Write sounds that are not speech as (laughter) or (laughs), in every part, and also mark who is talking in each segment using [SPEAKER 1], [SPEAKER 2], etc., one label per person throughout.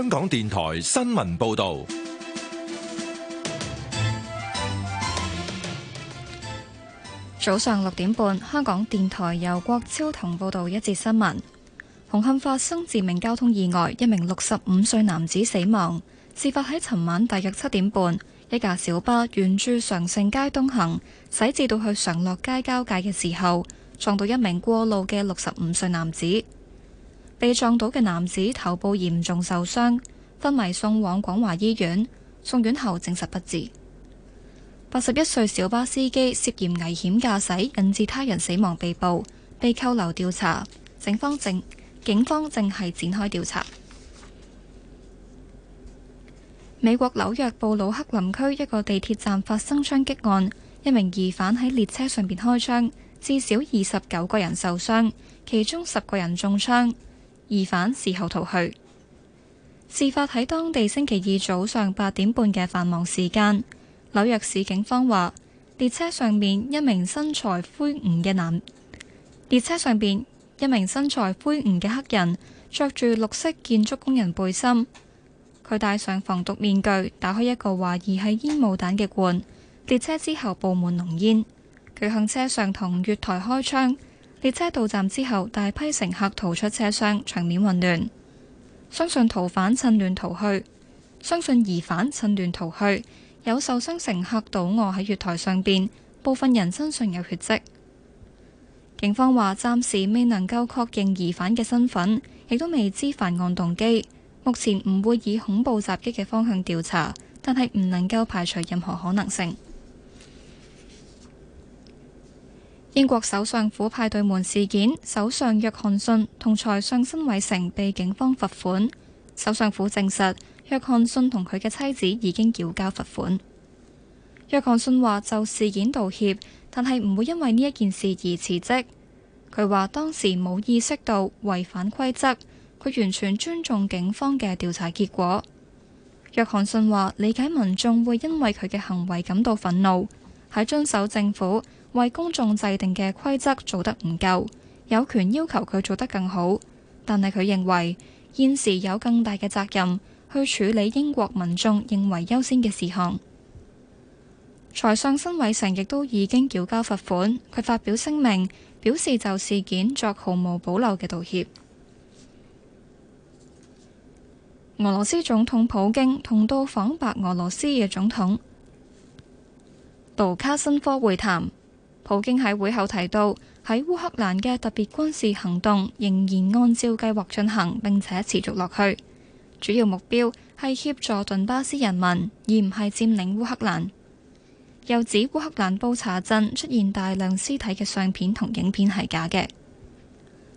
[SPEAKER 1] 香港電台新聞報道，
[SPEAKER 2] 早上六點半，香港電台由郭超同報道一節新聞。紅磡發生致命交通意外，一名六十五歲男子死亡。事發喺尋晚大約七點半，一架小巴沿住常盛街東行，駛至到去常樂街交界嘅時候，撞到一名過路嘅六十五歲男子。被撞到嘅男子頭部嚴重受傷，昏迷送往廣華醫院，送院後證實不治。八十一歲小巴司機涉嫌危險駕駛，引致他人死亡，被捕，被扣留調查。警方正警方正係展開調查。美國紐約布魯克林區一個地鐵站發生槍擊案，一名疑犯喺列車上邊開槍，至少二十九個人受傷，其中十個人中槍。疑犯事後逃去。事發喺當地星期二早上八點半嘅繁忙時間。紐約市警方話，列車上面一名身材魁梧嘅男，列車上邊一名身材魁梧嘅黑人，着住綠色建築工人背心，佢戴上防毒面具，打開一個懷疑係煙霧彈嘅罐，列車之後布滿濃煙。佢向車上同月台開槍。列車到站之後，大批乘客逃出車廂，場面混亂。相信逃犯趁亂逃去，相信疑犯趁亂逃去，有受傷乘客倒卧喺月台上邊，部分人身上有血迹。警方話，暫時未能夠確認疑犯嘅身份，亦都未知犯案動機。目前唔會以恐怖襲擊嘅方向調查，但係唔能夠排除任何可能性。英國首相府派對門事件，首相約翰遜同財相辛偉誠被警方罰款。首相府證實，約翰遜同佢嘅妻子已經繳交罰款。約翰遜話就事件道歉，但係唔會因為呢一件事而辭職。佢話當時冇意識到違反規則，佢完全尊重警方嘅調查結果。約翰遜話理解民眾會因為佢嘅行為感到憤怒，喺遵守政府為公眾制定嘅規則做得唔夠，有權要求佢做得更好。但係佢認為現時有更大嘅責任去處理英國民眾認為優先嘅事項。財相辛偉誠亦都已經繳交罰款，佢發表聲明表示就事件作毫無保留嘅道歉。俄羅斯總統普京同到訪白俄羅斯嘅總統盧卡申科會談。普京喺會後提到，喺烏克蘭嘅特別軍事行動仍然按照計劃進行，並且持續落去。主要目標係協助頓巴斯人民，而唔係佔領烏克蘭。又指烏克蘭布查鎮出現大量屍體嘅相片同影片係假嘅。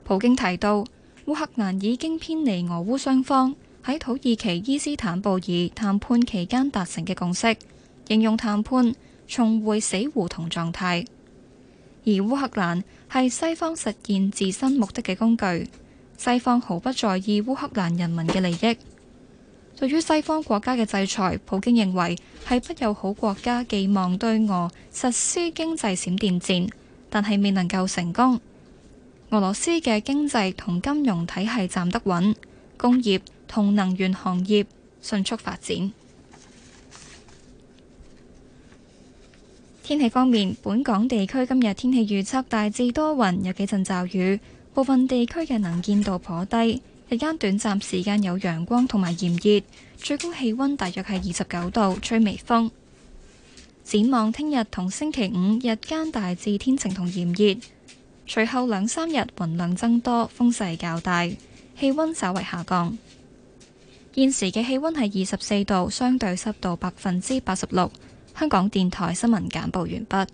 [SPEAKER 2] 普京提到，烏克蘭已經偏離俄烏雙方喺土耳其伊斯坦布爾談判期間達成嘅共識，形容談判重回死胡同狀態。而烏克蘭係西方實現自身目的嘅工具，西方毫不在意烏克蘭人民嘅利益。對於西方國家嘅制裁，普京認為係不友好國家寄望對俄實施經濟閃電戰，但係未能夠成功。俄羅斯嘅經濟同金融體系站得穩，工業同能源行業迅速發展。天氣方面，本港地區今日天氣預測大致多雲，有幾陣驟雨，部分地區嘅能見度頗低。日間短暫時間有陽光同埋炎熱，最高氣溫大約係二十九度，吹微風。展望聽日同星期五，日間大致天晴同炎熱，隨後兩三日雲量增多，風勢較大，氣溫稍為下降。現時嘅氣溫係二十四度，相對濕度百分之八十六。香港電台新聞簡報完畢。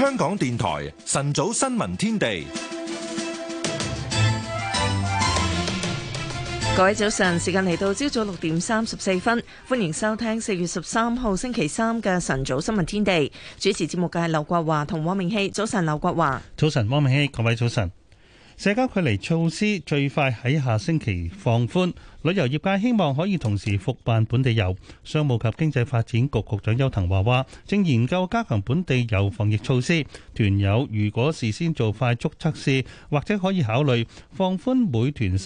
[SPEAKER 1] 香港電台晨早新聞天地，
[SPEAKER 3] 各位早晨，時間嚟到朝早六點三十四分，歡迎收聽四月十三號星期三嘅晨早新聞天地。主持節目嘅係劉國華同汪明熙。早晨，劉國華。早
[SPEAKER 4] 晨，汪明熙。各位早晨。社交距離措施最快喺下星期放寬，旅遊業界希望可以同時復辦本地遊。商務及經濟發展局局長邱騰華話，正研究加強本地遊防疫措施，團友如果事先做快速測試，或者可以考慮放寬每團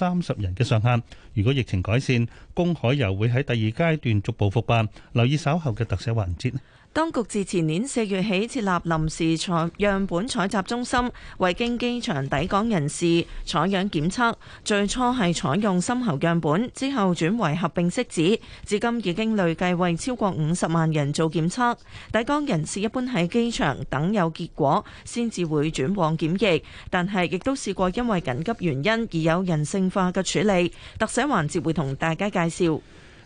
[SPEAKER 3] 當局自前年四月起設立臨時採樣本採集中心，為經機場抵港人士採樣檢測。最初係採用深喉樣本，之後轉為合併拭子。至今已經累計為超過五十萬人做檢測。抵港人士一般喺機場等有結果先至會轉往檢疫，但係亦都試過因為緊急原因而有人性化嘅處理。特寫環節會同大家介紹。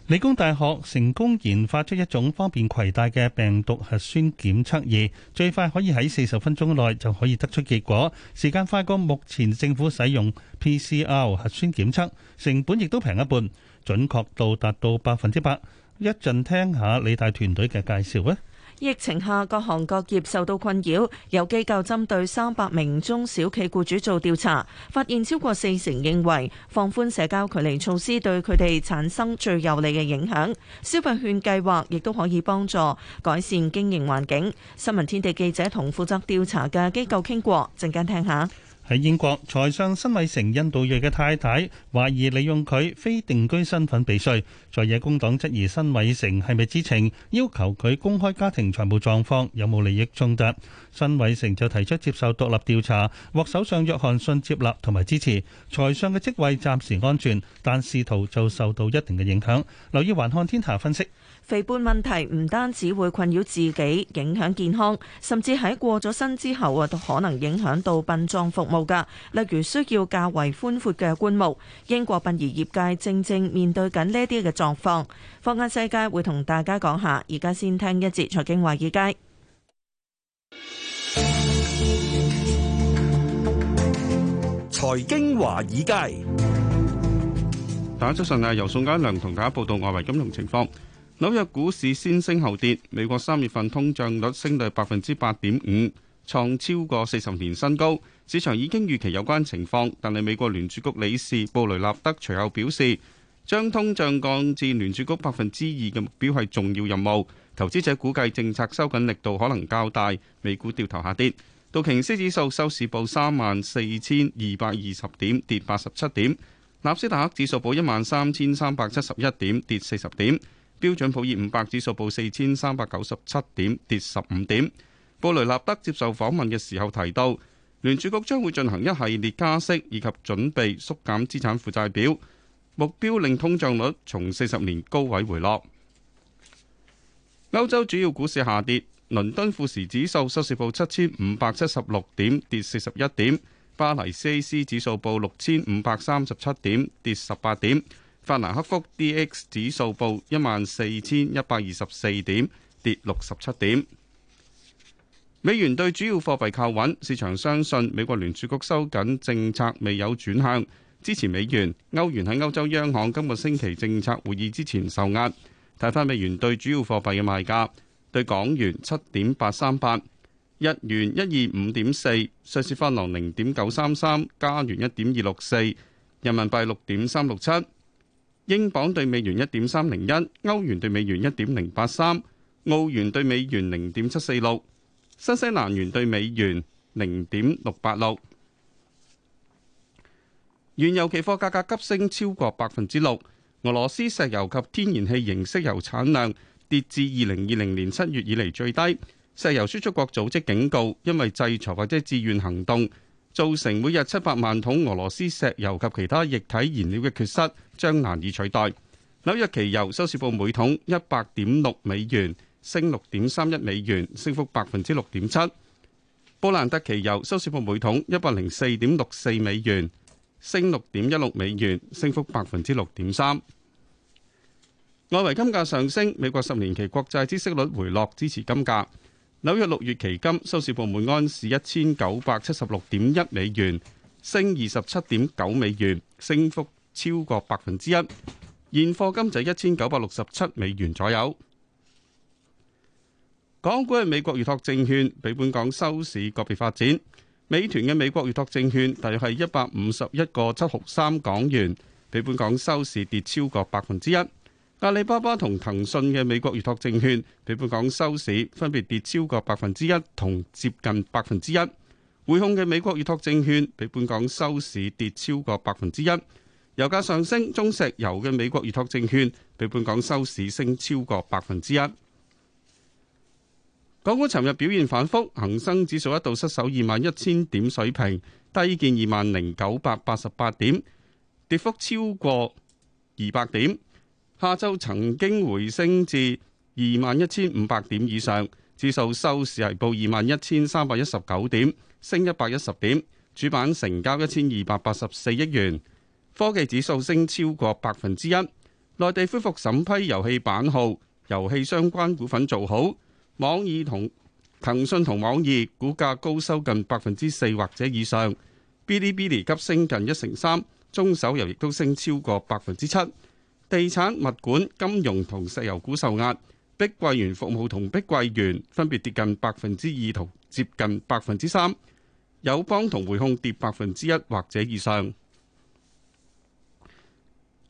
[SPEAKER 4] 理工大學成功研發出一種方便攜帶嘅病毒核酸檢測儀，最快可以喺四十分鐘內就可以得出結果，時間快過目前政府使用 PCR 核酸檢測，成本亦都平一半，準確度達到百分之百。一陣聽下理大團隊嘅介紹啊！
[SPEAKER 3] 疫情下，各行各業受到困擾。有機構針對三百名中小企僱主做調查，發現超過四成認為放寬社交距離措施對佢哋產生最有利嘅影響。消費券計劃亦都可以幫助改善經營環境。新聞天地記者同負責調查嘅機構傾過，陣間聽下。
[SPEAKER 4] 喺英國，財相辛偉成印度裔嘅太太懷疑利用佢非定居身份避稅，在野工黨質疑辛偉成係咪知情，要求佢公開家庭財務狀況有冇利益衝突。辛偉成就提出接受獨立調查，獲首相約翰遜接納同埋支持。財相嘅職位暫時安全，但仕途就受到一定嘅影響。留意環看天下分析。
[SPEAKER 3] 肥胖問題唔單止會困擾自己，影響健康，甚至喺過咗身之後啊，都可能影響到殯葬服務嘅。例如需要較為寬闊嘅棺木。英國殯儀業界正正面對緊呢啲嘅狀況。放眼世界會同大家講下。而家先聽一節《財經華爾街》。
[SPEAKER 5] 財經華爾街，大家早晨啊！由宋嘉良同大家報道外圍金融情況。紐約股市先升後跌，美國三月份通脹率升到百分之八點五，創超過四十年新高。市場已經預期有關情況，但係美國聯儲局理事布雷納德隨後表示，將通脹降至聯儲局百分之二嘅目標係重要任務。投資者估計政策收緊力度可能較大，美股掉頭下跌。道瓊斯指數收市報三萬四千二百二十點，跌八十七點；納斯達克指數報一萬三千三百七十一點，跌四十點。標準普爾五百指數報四千三百九十七點，跌十五點。布雷納德接受訪問嘅時候提到，聯儲局將會進行一系列加息，以及準備縮減資產負債表，目標令通脹率從四十年高位回落。歐洲主要股市下跌，倫敦富時指數收市報七千五百七十六點，跌四十一點；巴黎 CAC 指數報六千五百三十七點，跌十八點。法蘭克福 DAX 指數報一萬四千一百二十四點，跌六十七點。美元兌主要貨幣靠穩，市場相信美國聯儲局收緊政策未有轉向，支持美元。歐元喺歐洲央行今個星期政策會議之前受壓。睇返美元兌主要貨幣嘅賣價，兌港元七點八三八，日元一二五點四，瑞士法郎零點九三三，加元一點二六四，人民幣六點三六七。英鎊兌美元一點三零一，歐元兌美元一點零八三，澳元兌美元零點七四六，新西蘭元兌美元零點六八六。原油期貨價格急升超過百分之六，俄羅斯石油及天然氣凝析油產量跌至二零二零年七月以嚟最低。石油輸出國組織警告，因為制裁或者自願行動。造成每日七百萬桶俄羅斯石油及其他液體燃料嘅缺失，將難以取代。紐約期油收市報每桶一百點六美元，升六點三一美元，升幅百分之六點七。布蘭特期油收市報每桶一百零四點六四美元，升六點一六美元，升幅百分之六點三。外圍金價上升，美國十年期國債孳息率回落，支持金價。紐約六月期金收市報每安士一千九百七十六點一美元，升二十七點九美元，升幅超過百分之一。現貨金就係一千九百六十七美元左右。港股嘅美國預託證券，比本港收市個別發展。美團嘅美國預託證券大約係一百五十一個七毫三港元，比本港收市跌超過百分之一。阿里巴巴同騰訊嘅美國預託證券比本港收市分別跌超過百分之一同接近百分之一。匯控嘅美國預託證券比本港收市跌超過百分之一。油價上升，中石油嘅美國預託證券比本港收市升超過百分之一。港股尋日表現反覆，恒生指數一度失守二萬一千點水平，低見二萬零九百八十八點，跌幅超過二百點。下週曾經回升至二萬一千五百點以上，指數收市係報二萬一千三百一十九點，升一百一十點。主板成交一千二百八十四億元，科技指數升超過百分之一。內地恢復審批遊戲版號，遊戲相關股份做好，網易同騰訊同網易股價高收近百分之四或者以上。Bilibili 急升近一成三，中手遊亦都升超過百分之七。地產、物管、金融同石油股受壓，碧桂園服務同碧桂園分別跌近百分之二同接近百分之三，友邦同匯控跌百分之一或者以上。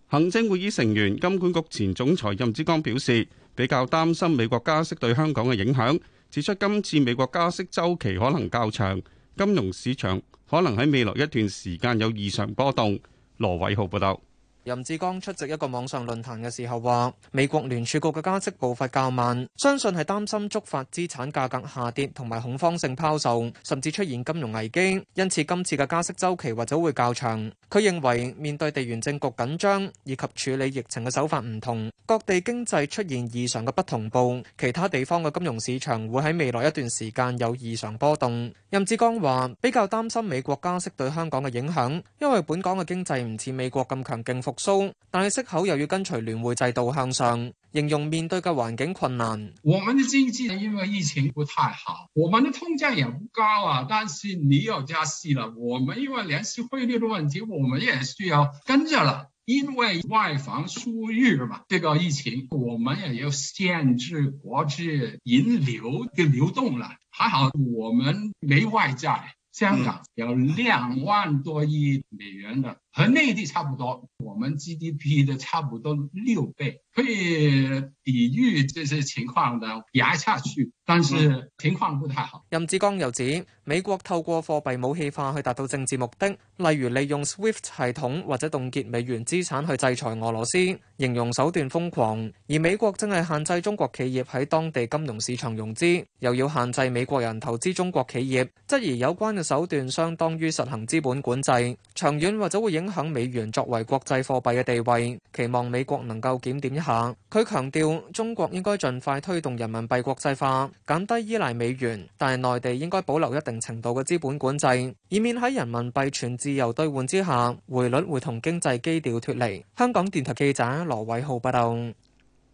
[SPEAKER 5] 行政會議成員金管局前總裁任志剛表示，比較擔心美國加息對香港嘅影響，指出今次美國加息周期可能較長，金融市場可能喺未來一段時間有異常波動。羅偉浩報道。
[SPEAKER 6] 任志剛出席一個網上論壇嘅時候話，美國聯儲局嘅加息步伐較慢，相信係擔心觸發資產價格下跌同埋恐慌性拋售，甚至出現金融危機，因此今次嘅加息周期或者會較長。佢認為面對地緣政局緊張以及處理疫情嘅手法唔同，各地經濟出現異常嘅不同步，其他地方嘅金融市場會喺未來一段時間有異常波動。任志剛話比較擔心美國加息對香港嘅影響，因為本港嘅經濟唔似美國咁強勁縮，但係息口又要跟隨聯匯制度向上，形容面對嘅環境困難。
[SPEAKER 7] 我們的經濟因為疫情不太好，
[SPEAKER 6] 我們的通脹也不
[SPEAKER 7] 高啊，但是你要加息了，我們因為聯繫匯率的問題，我們也需要跟着啦，因為外防輸入嘛，這個疫情我們也要限制國際引流嘅流動啦。還好我們沒外債，香港有兩萬多億美元的。和內地差不多，我們 GDP 的差不多六倍，可以抵御這些情況的壓下去，但是情況不太好。
[SPEAKER 6] 任志剛又指，美國透過貨幣武器化去達到政治目的，例如利用 SWIFT 系統或者凍結美元資產去制裁俄羅斯，形容手段瘋狂。而美國正係限制中國企業喺當地金融市場融資，又要限制美國人投資中國企業，質疑有關嘅手段相當於實行資本管制，長遠或者會影影響美元作為國際貨幣嘅地位，期望美國能夠檢點一下。佢強調，中國應該盡快推動人民幣國際化，減低依賴美元，但係內地應該保留一定程度嘅資本管制，以免喺人民幣全自由兌換之下，匯率會同經濟基調脫離。香港電台記者羅偉浩報道。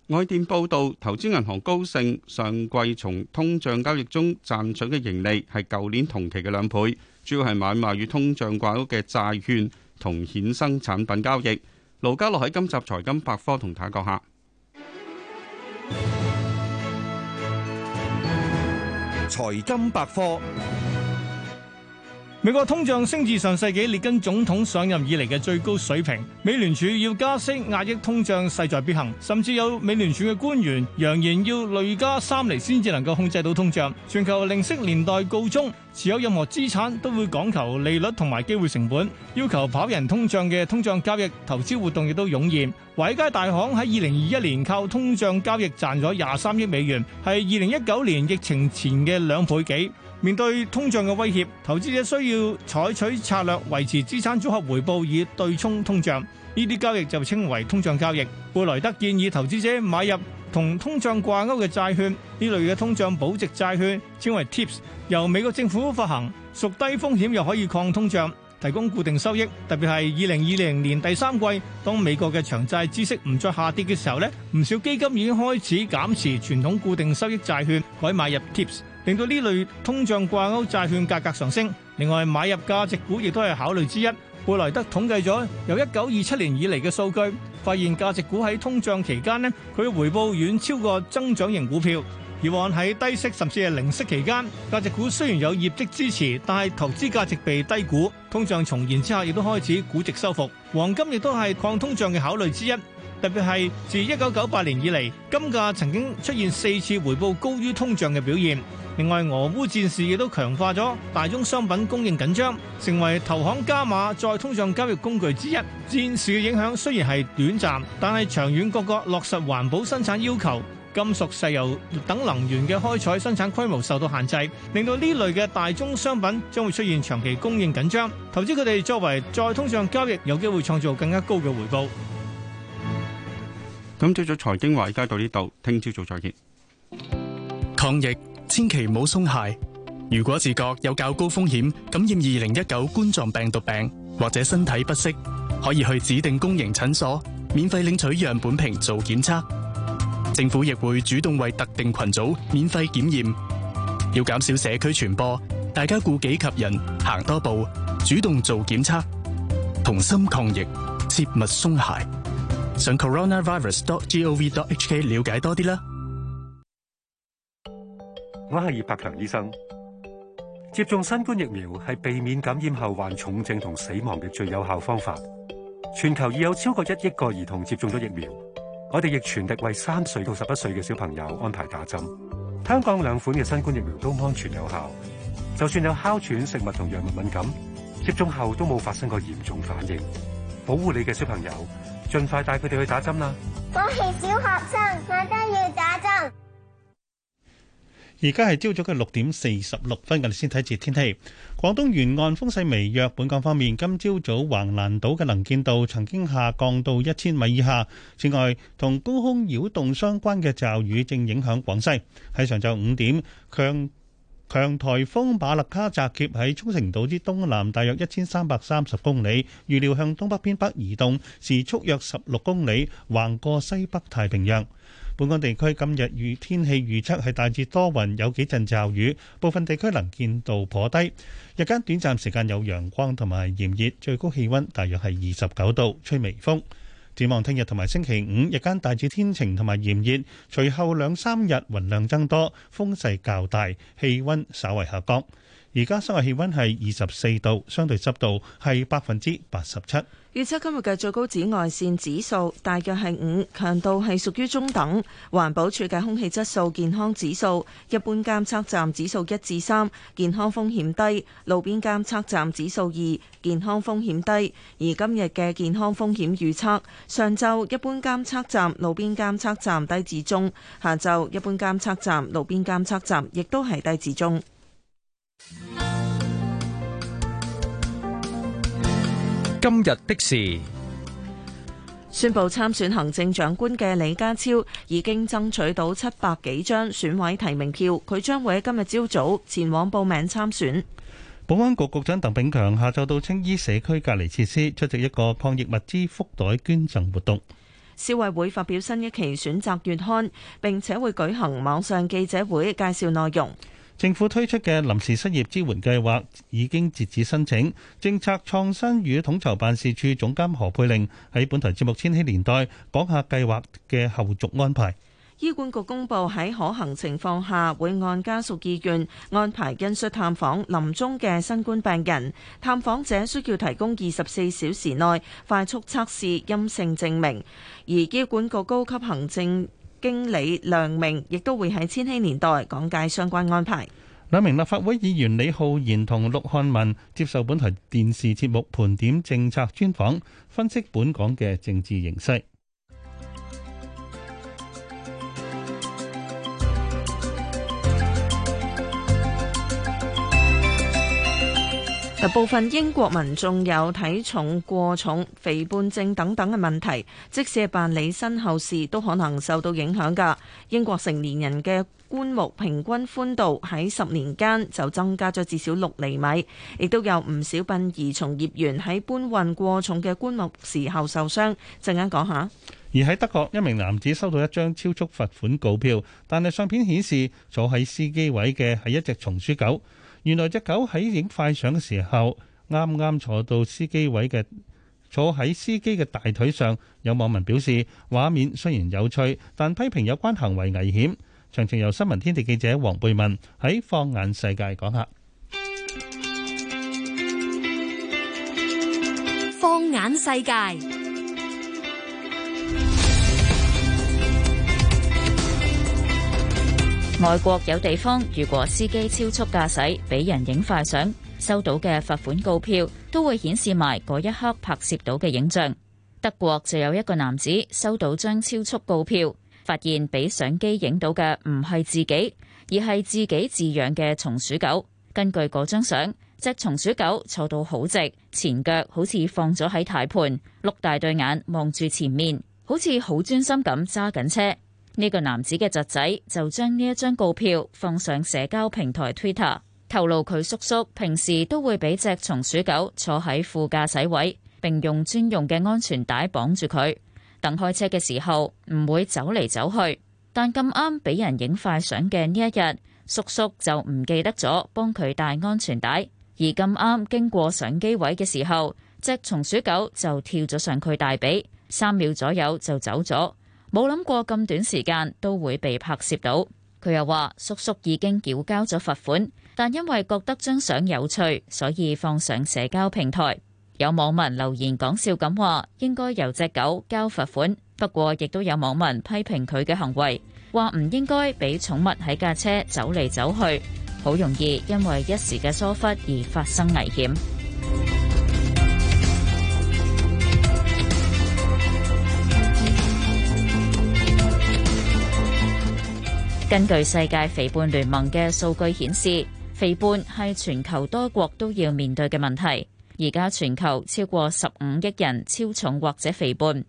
[SPEAKER 6] 外電報道，投資銀行高盛上
[SPEAKER 5] 季從通脹交易中賺取嘅盈利係舊年同期嘅兩倍，主要係買賣與通脹掛鈎嘅債券，同衍生產品交易。盧家樂喺今集財金百科同大家客，講下財金百科。美國
[SPEAKER 8] 通脹升至上世紀列根總統上任以嚟嘅最高水平，美聯儲要加息壓抑通脹勢在必行，甚至有美聯儲嘅官員揚言要累加三厘先至能夠控制到通脹。全球零息年代告終，持有任何資產都會講求利率同埋機會成本，要求跑贏通脹嘅通脹交易投資活動亦都湧現。華爾街大行喺二零二一年靠通脹交易賺咗廿三億美元，係二零一九年疫情前嘅兩倍幾。面對通脹嘅威脅，投資者需要採取策略維持資產組合回報以對沖通脹。呢啲交易就稱為通脹交易。貝萊德建議投資者買入同通脹掛鈎嘅債券，呢類嘅通脹保值債券稱為 TIPS，由美國政府發行，屬低風險又可以抗通脹，提供固定收益。特別係二零二零年第三季，當美國嘅長債孳息唔再下跌嘅時候呢，唔少基金已經開始減持傳統固定收益債券，改買入 TIPS。令到呢類通脹掛鈎債券價格上升，另外買入價值股亦都係考慮之一。貝萊德統計咗由一九二七年以嚟嘅數據，發現價值股喺通脹期間咧，佢回報遠超過增長型股票。以往喺低息甚至係零息期間，價值股雖然有業績支持，但係投資價值被低估。通脹重現之下，亦都開始估值收復。黃金亦都係抗通脹嘅考慮之一，特別係自一九九八年以嚟，金價曾經出現四次回報高於通脹嘅表現。另外，俄烏戰事亦都強化咗大宗商品供應緊張，成為投行加碼再通脹交易工具之一。戰事嘅影響雖然係短暫，但係長遠各國落實環保生產要求，金屬、石油等能源嘅開採生產規模受到限制，令到呢類嘅大宗商品將會出現長期供應緊張。投資佢哋作為再通脹交易，有機會創造更加高嘅回報。
[SPEAKER 5] 咁朝早財經話，而家到呢度，聽朝早再見。抗疫。千祈唔好鬆懈。如果自覺有較高風險感染二零一
[SPEAKER 9] 九冠狀病毒病，或者身體不適，可以去指定公營診所免費領取樣本瓶做檢測。政府亦會主動為特定群組免費檢驗。要減少社區傳播，大家顧己及人，行多步，主動做檢測，同心抗疫，切勿鬆懈。上 coronavirus.gov.hk 了解多啲啦。
[SPEAKER 10] 我係葉柏強醫生，接種新冠疫苗係避免感染後患重症同死亡嘅最有效方法。全球已有超過一億個兒童接種咗疫苗，我哋亦全力為三歲到十一歲嘅小朋友安排打針。香港兩款嘅新冠疫苗都安全有效，就算有哮喘、食物同藥物敏感，接種後都冇發生過嚴重反應。保護你嘅小朋友，盡快帶佢哋去打針啦！
[SPEAKER 2] 我係小學生，我都要打針。
[SPEAKER 4] 而家係朝早嘅六點四十六分，我哋先睇次天氣。廣東沿岸風勢微弱，本港方面今朝早橫瀾島嘅能見度曾經下降到一千米以下。此外，同高空擾動相關嘅驟雨正影響廣西。喺上晝五點，強強颱風馬勒卡集結喺沖繩島之東南，大約一千三百三十公里，預料向東北偏北移動，時速約十六公里，橫過西北太平洋。本港地區今日嘅天氣預測係大致多雲，有幾陣驟雨，部分地區能見度頗低。日間短暫時間有陽光同埋炎熱，最高氣温大約係二十九度，吹微風。展望聽日同埋星期五，日間大致天晴同埋炎熱，隨後兩三日雲量增多，風勢較大，氣温稍為下降。而家室外氣溫係二十四度，相對濕度係百分之八十七。
[SPEAKER 3] 預測今日嘅最高紫外線指數大約係五，強度係屬於中等。環保署嘅空氣質素健康指數，一般監測站指數一至三，健康風險低；路邊監測站指數二，健康風險低。而今日嘅健康風險預測，上晝一般監測站、路邊監測站低至中；下晝一般監測站、路邊監測站亦都係低至中。
[SPEAKER 9] 今日的事，
[SPEAKER 3] 宣布參選行政長官嘅李家超已經爭取到七百幾張選委提名票，佢將會喺今日朝早前往報名參選。
[SPEAKER 4] 保安局局長鄧炳強下晝到青衣社區隔離設施出席一個抗疫物資福袋捐贈活動。
[SPEAKER 3] 消委會發表新一期選擇月刊，並且會舉行網上記者會介紹內容。
[SPEAKER 4] 政府推出嘅臨時失業支援計劃已經截止申請。政策創新與統籌辦事處總監何佩玲喺本台節目《千禧年代》講下計劃嘅後續安排。
[SPEAKER 3] 醫管局公布喺可行情況下，會按家屬意願安排親屬探訪臨終嘅新冠病人。探訪者需要提供二十四小時內快速測試陰性證明。而醫管局高級行政經理梁明亦都會喺千禧年代講解相關安排。
[SPEAKER 4] 兩名立法會議員李浩然同陸漢文接受本台電視節目盤點政策專訪，分析本港嘅政治形勢。
[SPEAKER 3] 部分英國民眾有體重過重、肥胖症等等嘅問題，即使係辦理身後事都可能受到影響㗎。英國成年人嘅棺木平均寬度喺十年間就增加咗至少六厘米，亦都有唔少殯儀從業員喺搬運過重嘅棺木時候受傷。陣間講下說說。
[SPEAKER 4] 而喺德國，一名男子收到一張超速罰款告票，但係相片顯示坐喺司機位嘅係一隻松鼠狗。原來隻狗喺影快相嘅時候，啱啱坐到司機位嘅，坐喺司機嘅大腿上。有網民表示，畫面雖然有趣，但批評有關行為危險。詳情由新聞天地記者黃貝文喺《放眼世界》講下。
[SPEAKER 11] 放眼世界。
[SPEAKER 12] 外國有地方，如果司機超速駕駛，俾人影快相，收到嘅罰款告票都會顯示埋嗰一刻拍攝到嘅影像。德國就有一個男子收到張超速告票，發現俾相機影到嘅唔係自己，而係自己飼養嘅松鼠狗。根據嗰張相，隻松鼠狗坐到好直，前腳好似放咗喺軚盤，碌大對眼望住前面，好似好專心咁揸緊車。呢個男子嘅侄仔就將呢一張告票放上社交平台 Twitter，透露佢叔叔平時都會俾隻松鼠狗坐喺副駕駛位，並用專用嘅安全帶綁住佢，等開車嘅時候唔會走嚟走去。但咁啱俾人影快相嘅呢一日，叔叔就唔記得咗幫佢戴安全帶，而咁啱經過相機位嘅時候，隻松鼠狗就跳咗上佢大髀，三秒左右就走咗。冇諗過咁短時間都會被拍攝到，佢又話叔叔已經繳交咗罰款，但因為覺得張相有趣，所以放上社交平台。有網民留言講笑咁話，應該由隻狗交罰款。不過亦都有網民批評佢嘅行為，話唔應該俾寵物喺架車走嚟走去，好容易因為一時嘅疏忽而發生危險。根據世界肥胖聯盟嘅數據顯示，肥胖係全球多國都要面對嘅問題。而家全球超過十五億人超重或者肥胖，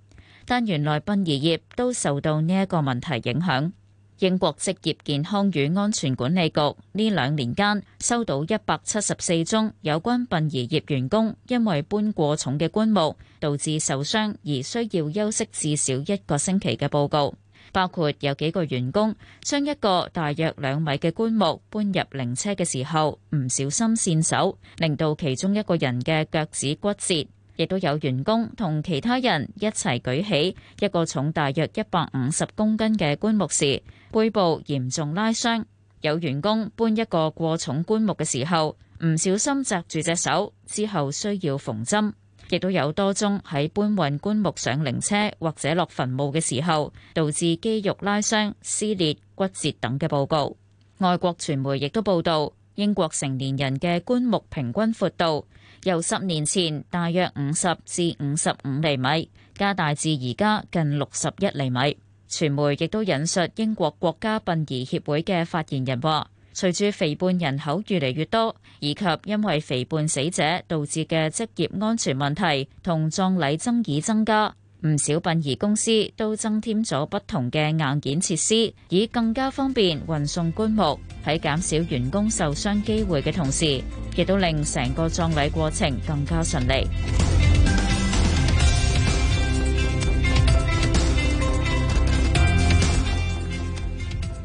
[SPEAKER 12] 但原來殯儀業都受到呢一個問題影響。英國職業健康與安全管理局呢兩年間收到一百七十四宗有關殯儀業員工因為搬過重嘅棺木導致受傷而需要休息至少一個星期嘅報告。包括有幾個員工將一個大約兩米嘅棺木搬入靈車嘅時候，唔小心跣手，令到其中一個人嘅腳趾骨折；亦都有員工同其他人一齊舉起一個重大約一百五十公斤嘅棺木時，背部嚴重拉傷；有員工搬一個過重棺木嘅時候，唔小心擳住隻手，之後需要縫針。亦都有多宗喺搬運棺木上靈車或者落墳墓嘅時候，導致肌肉拉傷、撕裂、骨折等嘅報告。外國傳媒亦都報道，英國成年人嘅棺木平均闊度由十年前大約五十至五十五厘米，加大至而家近六十一厘米。傳媒亦都引述英國國家殯儀協會嘅發言人話。隨住肥胖人口越嚟越多，以及因為肥胖死者導致嘅職業安全問題同葬禮爭議增加，唔少殯儀公司都增添咗不同嘅硬件設施，以更加方便運送棺木，喺減少員工受傷機會嘅同時，亦都令成個葬禮過程更加順利。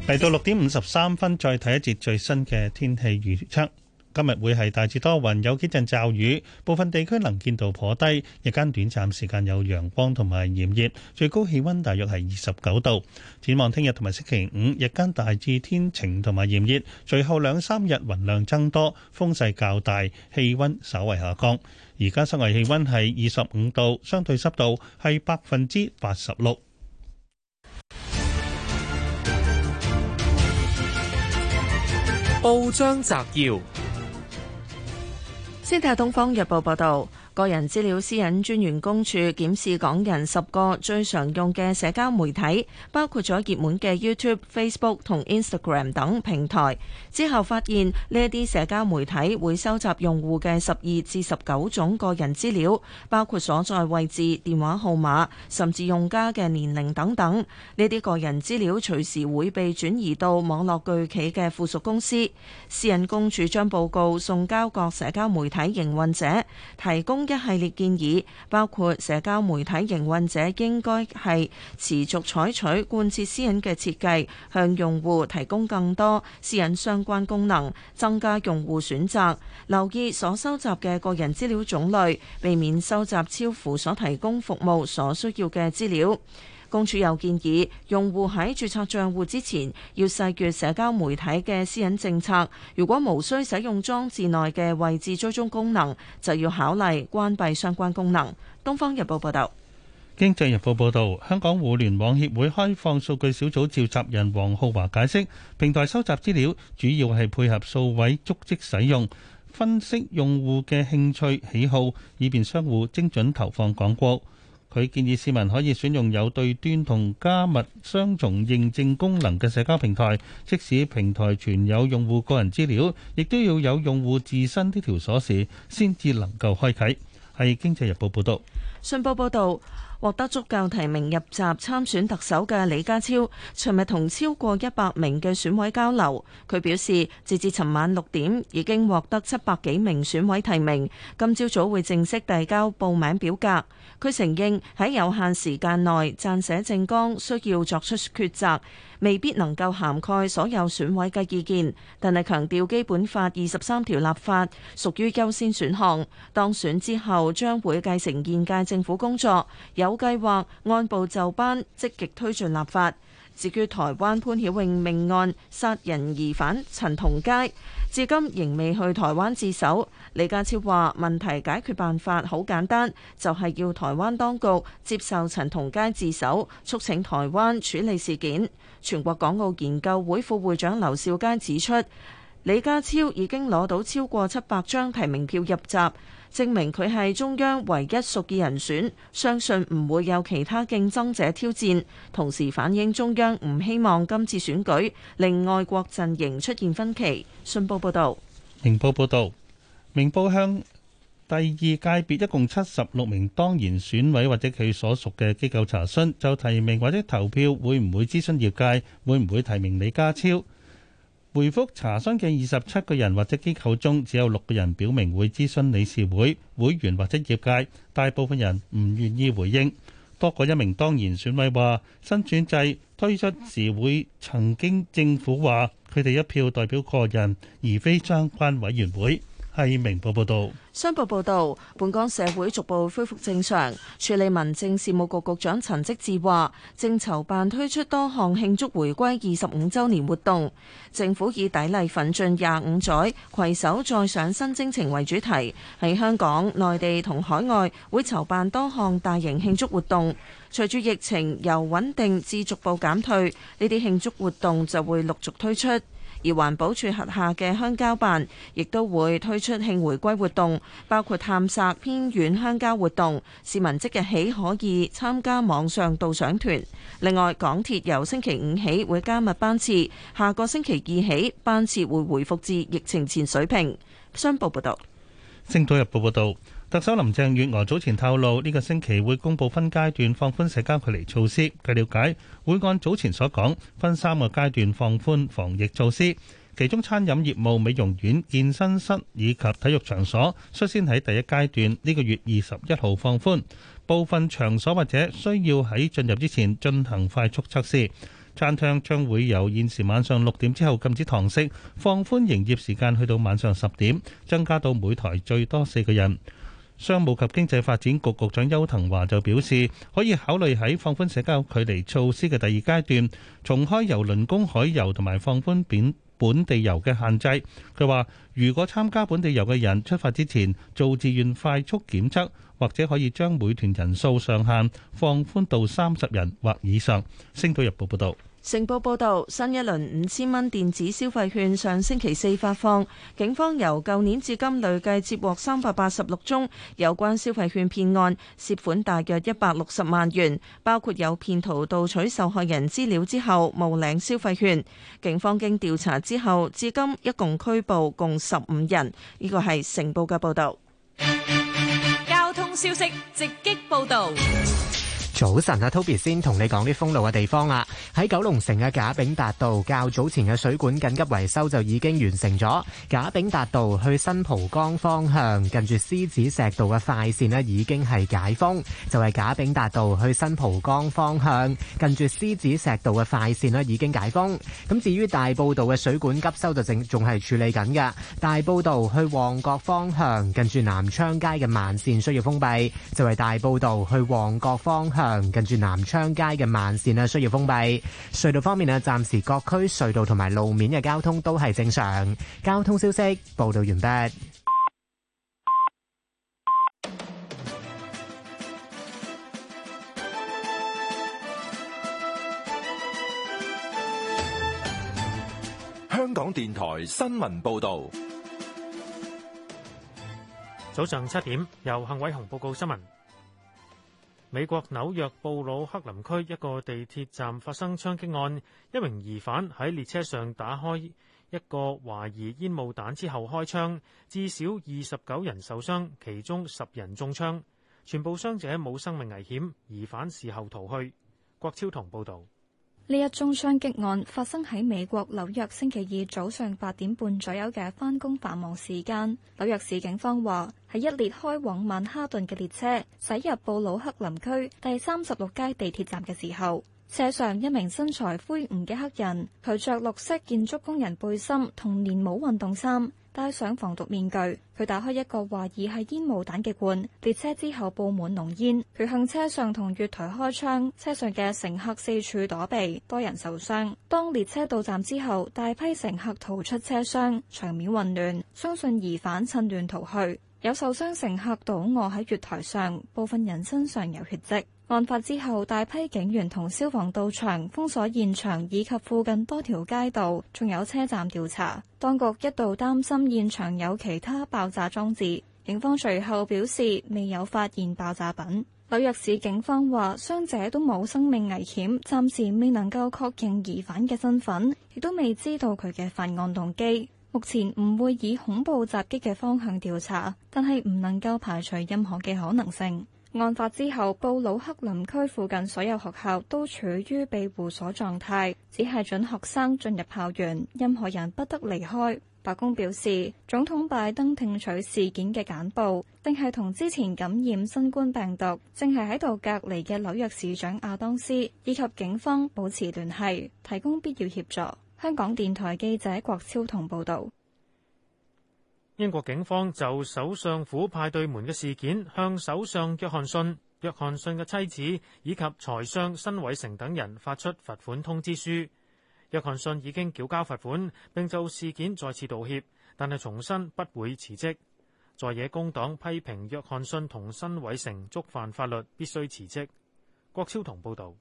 [SPEAKER 4] 嚟到六點五十三分，再睇一節最新嘅天氣預測。今日會係大致多雲，有幾陣驟雨，部分地區能見度頗低。日間短暫時間有陽光同埋炎熱，最高氣溫大約係二十九度。展望聽日同埋星期五，日間大致天晴同埋炎熱。隨後兩三日雲量增多，風勢較大，氣溫稍為下降。而家室外氣溫係二十五度，相對濕度係百分之八十六。
[SPEAKER 13] 報章摘要：
[SPEAKER 3] 先睇下《東方日報》報道。個人資料私隱專員公署檢視港人十個最常用嘅社交媒體，包括咗熱門嘅 YouTube、Facebook 同 Instagram 等平台。之後發現呢一啲社交媒體會收集用戶嘅十二至十九種個人資料，包括所在位置、電話號碼，甚至用家嘅年齡等等。呢啲個人資料隨時會被轉移到網絡巨企嘅附屬公司。私隱公署將報告送交各社交媒體營運者，提供一系列建議，包括社交媒體營運者應該係持續採取貫徹私隱嘅設計，向用戶提供更多私隱相關功能，增加用戶選擇，留意所收集嘅個人資料種類，避免收集超乎所提供服務所需要嘅資料。公署又建議，用戶喺註冊帳戶之前要細閱社交媒體嘅私隱政策。如果無需使用裝置內嘅位置追蹤功能，就要考慮關閉相關功能。《東方日報》報道。
[SPEAKER 4] 《經濟日報》報道，香港互聯網協會開放數據小組召集人黃浩華解釋，平台收集資料主要係配合數位足跡使用，分析用戶嘅興趣喜好，以便商戶精準投放廣告。佢建議市民可以選用有對端同加密雙重認證功能嘅社交平台，即使平台存有用戶個人資料，亦都要有用戶自身呢條鎖匙先至能夠開啓。係《經濟日報》報道，
[SPEAKER 3] 《信報》報道。獲得足夠提名入閘參選特首嘅李家超，尋日同超過一百名嘅選委交流，佢表示，截至尋晚六點已經獲得七百幾名選委提名，今朝早會正式遞交報名表格。佢承認喺有限時間內撰寫政綱需要作出抉擇，未必能夠涵蓋所有選委嘅意見，但係強調基本法二十三條立法屬於優先選項，當選之後將會繼承現屆政府工作。有計劃按部就班積極推進立法。至於台灣潘曉穎命案殺人疑犯陳同佳，至今仍未去台灣自首。李家超話：問題解決辦法好簡單，就係、是、要台灣當局接受陳同佳自首，促請台灣處理事件。全國港澳研究會副會長劉兆佳指出，李家超已經攞到超過七百張提名票入閘。證明佢係中央唯一屬意人選，相信唔會有其他競爭者挑戰。同時反映中央唔希望今次選舉令外國陣營出現分歧。信報報導，
[SPEAKER 4] 明報報導，明報向第二界別一共七十六名當然選委或者佢所屬嘅機構查詢，就提名或者投票會唔會諮詢業界，會唔會提名李家超？回覆查詢嘅二十七個人或者機構中，只有六個人表明會諮詢理事會、會員或者業界，大部分人唔願意回應。多過一名當然選委話，新選制推出時會曾經政府話，佢哋一票代表個人，而非相關委員會。《明報》報道，
[SPEAKER 3] 商報報道，本港社會逐步恢復正常。處理民政事務局局長陳積志話，正籌辦推出多項慶祝回歸二十五週年活動。政府以砥礪奮進廿五載，攜手再上新征程為主題，喺香港、內地同海外會籌辦多項大型慶祝活動。隨住疫情由穩定至逐步減退，呢啲慶祝活動就會陸續推出。而環保署轄下嘅鄉郊辦，亦都會推出慶回歸活動，包括探索偏遠鄉郊活動，市民即日起可以參加網上導賞團。另外，港鐵由星期五起會加密班次，下個星期二起班次會回復至疫情前水平。商報報道。
[SPEAKER 4] 星島日報報導。特首林鄭月娥早前透露，呢個星期會公布分階段放寬社交距離措施。據了解，會按早前所講，分三個階段放寬防疫措施。其中，餐飲業務、美容院、健身室以及體育場所，率先喺第一階段呢個月二十一號放寬，部分場所或者需要喺進入之前進行快速測試。餐廳將會由現時晚上六點之後禁止堂食，放寬營業時間去到晚上十點，增加到每台最多四個人。商務及經濟發展局局長邱騰華就表示，可以考慮喺放寬社交距離措施嘅第二階段，重開郵輪公海遊同埋放寬返本地遊嘅限制。佢話，如果參加本地遊嘅人出發之前做自願快速檢測，或者可以將每團人數上限放寬到三十人或以上。星島日報報道。
[SPEAKER 3] 成報報道，新一輪五千蚊電子消費券上星期四發放，警方由舊年至今累計接獲三百八十六宗有關消費券騙，騙案，涉款，大約一百六十萬元，包括有騙徒盜取受害人資料之後冒領消費券。警方經調查之後，至今一共拘捕共十五人。呢個係成報嘅報道。
[SPEAKER 11] 交通消息直擊報道。
[SPEAKER 14] 早晨啊，Toby 先同你講啲封路嘅地方啊。喺九龍城嘅賈炳達道較早前嘅水管緊急維修就已經完成咗。賈炳達道去新蒲崗方向近住獅子石道嘅快線咧已經係解封。就係賈炳達道去新蒲崗方向近住獅子石道嘅快線咧已經解封。咁至於大埔道嘅水管急修就正仲係處理緊嘅。大埔道去旺角方向近住南昌街嘅慢線需要封閉。就係大埔道去旺角方向。近住南昌街嘅慢線咧需要封閉，隧道方面咧暫時各區隧道同埋路面嘅交通都係正常。交通消息報道完畢。
[SPEAKER 1] 香港電台新聞報道，早上七點
[SPEAKER 9] 由幸偉雄報告新聞。美國紐約布魯克林區一個地鐵站發生槍擊案，一名疑犯喺列車上打開一個懷疑煙霧彈之後開槍，至少二十九人受傷，其中十人中槍，全部傷者冇生命危險，疑犯事後逃去。郭超同報道，
[SPEAKER 2] 呢一宗槍擊案發生喺美國紐約星期二早上八點半左右嘅返工繁忙時間，紐約市警方話。第一列開往曼哈頓嘅列車駛入布魯克林區第三十六街地鐵站嘅時候，車上一名身材魁梧嘅黑人，佢着綠色建築工人背心同連帽運動衫，戴上防毒面具。佢打開一個懷疑係煙霧彈嘅罐，列車之後布滿濃煙。佢向車上同月台開槍，車上嘅乘客四處躲避，多人受傷。當列車到站之後，大批乘客逃出車廂，場面混亂。相信疑犯趁亂逃去。有受傷乘客倒臥喺月台上，部分人身上有血跡。案發之後，大批警員同消防到場封鎖現場以及附近多條街道，仲有車站調查。當局一度擔心現場有其他爆炸裝置，警方隨後表示，未有發現爆炸品。紐約市警方話，傷者都冇生命危險，暫時未能夠確認疑犯嘅身份，亦都未知道佢嘅犯案動機。目前唔會以恐怖襲擊嘅方向調查，但係唔能夠排除任何嘅可能性。案發之後，布魯克林區附近所有學校都處於庇護所狀態，只係准學生進入校園，任何人不得離開。白宮表示，總統拜登聽取事件嘅簡報，定係同之前感染新冠病毒，正係喺度隔離嘅紐約市長阿當斯以及警方保持聯繫，提供必要協助。香港電台記者郭超彤報道。
[SPEAKER 9] 英國警方就首相府派對門嘅事件，向首相約翰遜、約翰遜嘅妻子以及財相辛偉誠等人發出罰款通知書。約翰遜已經繳交罰款，並就事件再次道歉，但係重申不會辭職。在野工黨批評約翰遜同辛偉誠觸犯法律，必須辭職。郭超彤報道。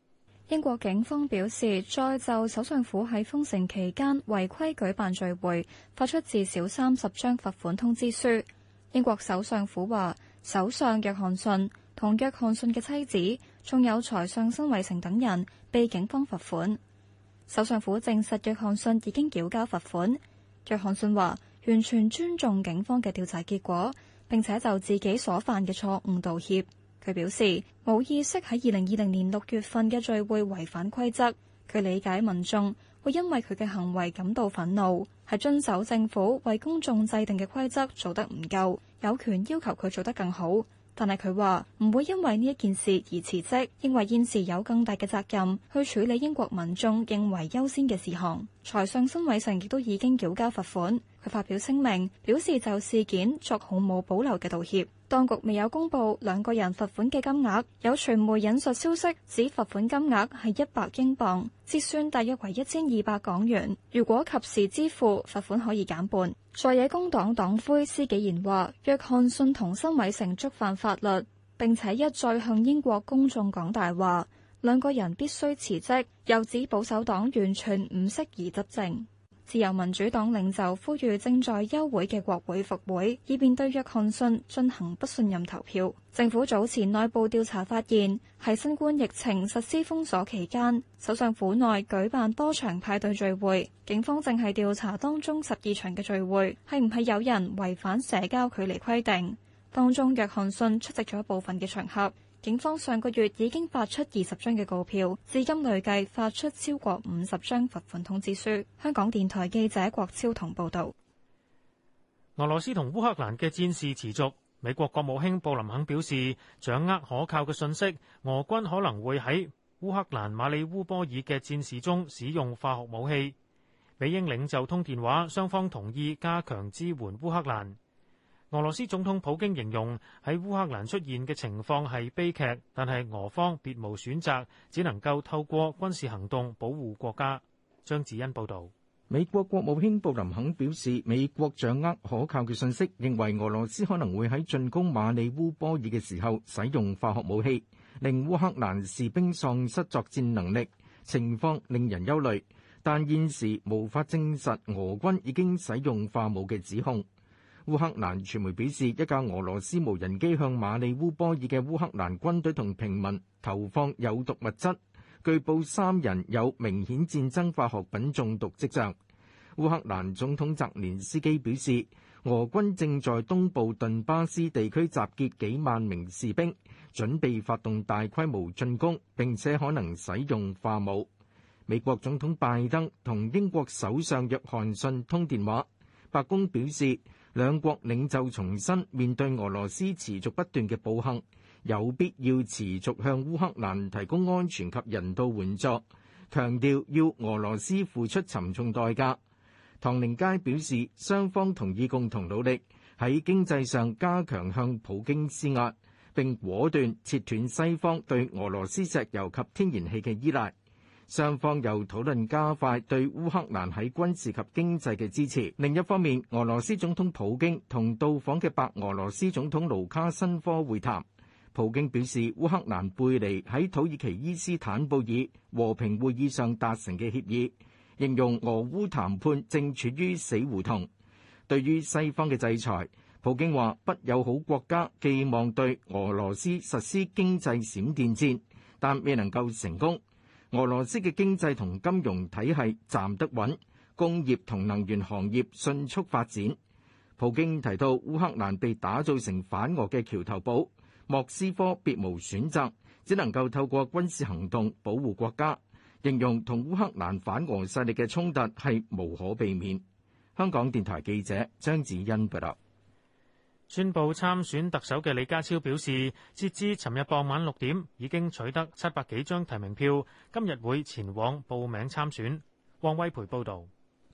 [SPEAKER 2] 英國警方表示，再就首相府喺封城期間違規舉辦聚會，發出至少三十張罰款通知書。英國首相府話，首相約翰遜同約翰遜嘅妻子，仲有財相辛偉誠等人，被警方罰款。首相府證實約翰遜已經繳交罰款。約翰遜話，完全尊重警方嘅調查結果，並且就自己所犯嘅錯誤道歉。佢表示冇意識喺二零二零年六月份嘅聚會違反規則，佢理解民眾會因為佢嘅行為感到憤怒，係遵守政府為公眾制定嘅規則做得唔夠，有權要求佢做得更好。但係佢話唔會因為呢一件事而辭職，認為現時有更大嘅責任去處理英國民眾認為優先嘅事項。財相辛偉誠亦都已經繳交罰款，佢發表聲明表示就事件作毫無保留嘅道歉。當局未有公布兩個人罰款嘅金額，有傳媒引述消息指罰款金額係一百英鎊，折算大約為一千二百港元。如果及時支付，罰款可以減半。在野工黨黨魁施紀賢話：約翰遜同辛偉誠觸犯法律，並且一再向英國公眾講大話，兩個人必須辭職。又指保守黨完全唔適宜執政。自由民主黨領袖呼籲正在休會嘅國會復會，以便對約翰遜進行不信任投票。政府早前內部調查發現，喺新冠疫情實施封鎖期間，首相府內舉辦多場派對聚會。警方正係調查當中十二場嘅聚會，係唔係有人違反社交距離規定，當中約翰遜出席咗部分嘅場合。警方上個月已經發出二十張嘅告票，至今累計發出超過五十張罰款通知書。香港電台記者郭超同報道。
[SPEAKER 9] 俄羅斯同烏克蘭嘅戰事持續，美國國務卿布林肯表示，掌握可靠嘅信息，俄軍可能會喺烏克蘭馬里烏波爾嘅戰事中使用化學武器。美英領袖通電話，雙方同意加強支援烏克蘭。俄羅斯總統普京形容喺烏克蘭出現嘅情況係悲劇，但係俄方別無選擇，只能夠透過軍事行動保護國家。張子欣報道。
[SPEAKER 13] 美國國務卿布林肯表示，美國掌握可靠嘅信息，認為俄羅斯可能會喺進攻馬里烏波爾嘅時候使用化學武器，令烏克蘭士兵喪失作戰能力，情況令人憂慮。但現時無法證實俄軍已經使用化武嘅指控。烏克蘭傳媒表示，一架俄羅斯無人機向馬里烏波爾嘅烏克蘭軍隊同平民投放有毒物質，據報三人有明顯戰爭化學品中毒跡象。烏克蘭總統澤連斯基表示，俄軍正在東部頓巴斯地區集結幾萬名士兵，準備發動大規模進攻，並且可能使用化武。美國總統拜登同英國首相約翰遜通電話，白宮表示，兩國領袖重申，面對俄羅斯持續不斷嘅暴行，有必要持續向烏克蘭提供安全及人道援助，強調要俄羅斯付出沉重代價。唐寧街表示，雙方同意共同努力，喺經濟上加強向普京施壓，並果斷切斷西方對俄羅斯石油及天然氣嘅依賴。雙方又討論加快對烏克蘭喺軍事及經濟嘅支持。另一方面，俄羅斯總統普京同到訪嘅白俄羅斯總統盧卡申科會談。普京表示，烏克蘭背離喺土耳其伊斯坦布爾和平會議上達成嘅協議，形容俄烏談判正處於死胡同。對於西方嘅制裁，普京話不友好國家寄望對俄羅斯實施經濟閃電戰，但未能夠成功。俄羅斯嘅經濟同金融體系站得穩，工業同能源行業迅速發展。普京提到，烏克蘭被打造成反俄嘅橋頭堡，莫斯科別無選擇，只能夠透過軍事行動保護國家，形容同烏克蘭反俄勢力嘅衝突係無可避免。香港電台記者張子欣報道。
[SPEAKER 9] 宣布參選特首嘅李家超表示，截至尋日傍晚六點已經取得七百幾張提名票，今日會前往報名參選。汪威培報道。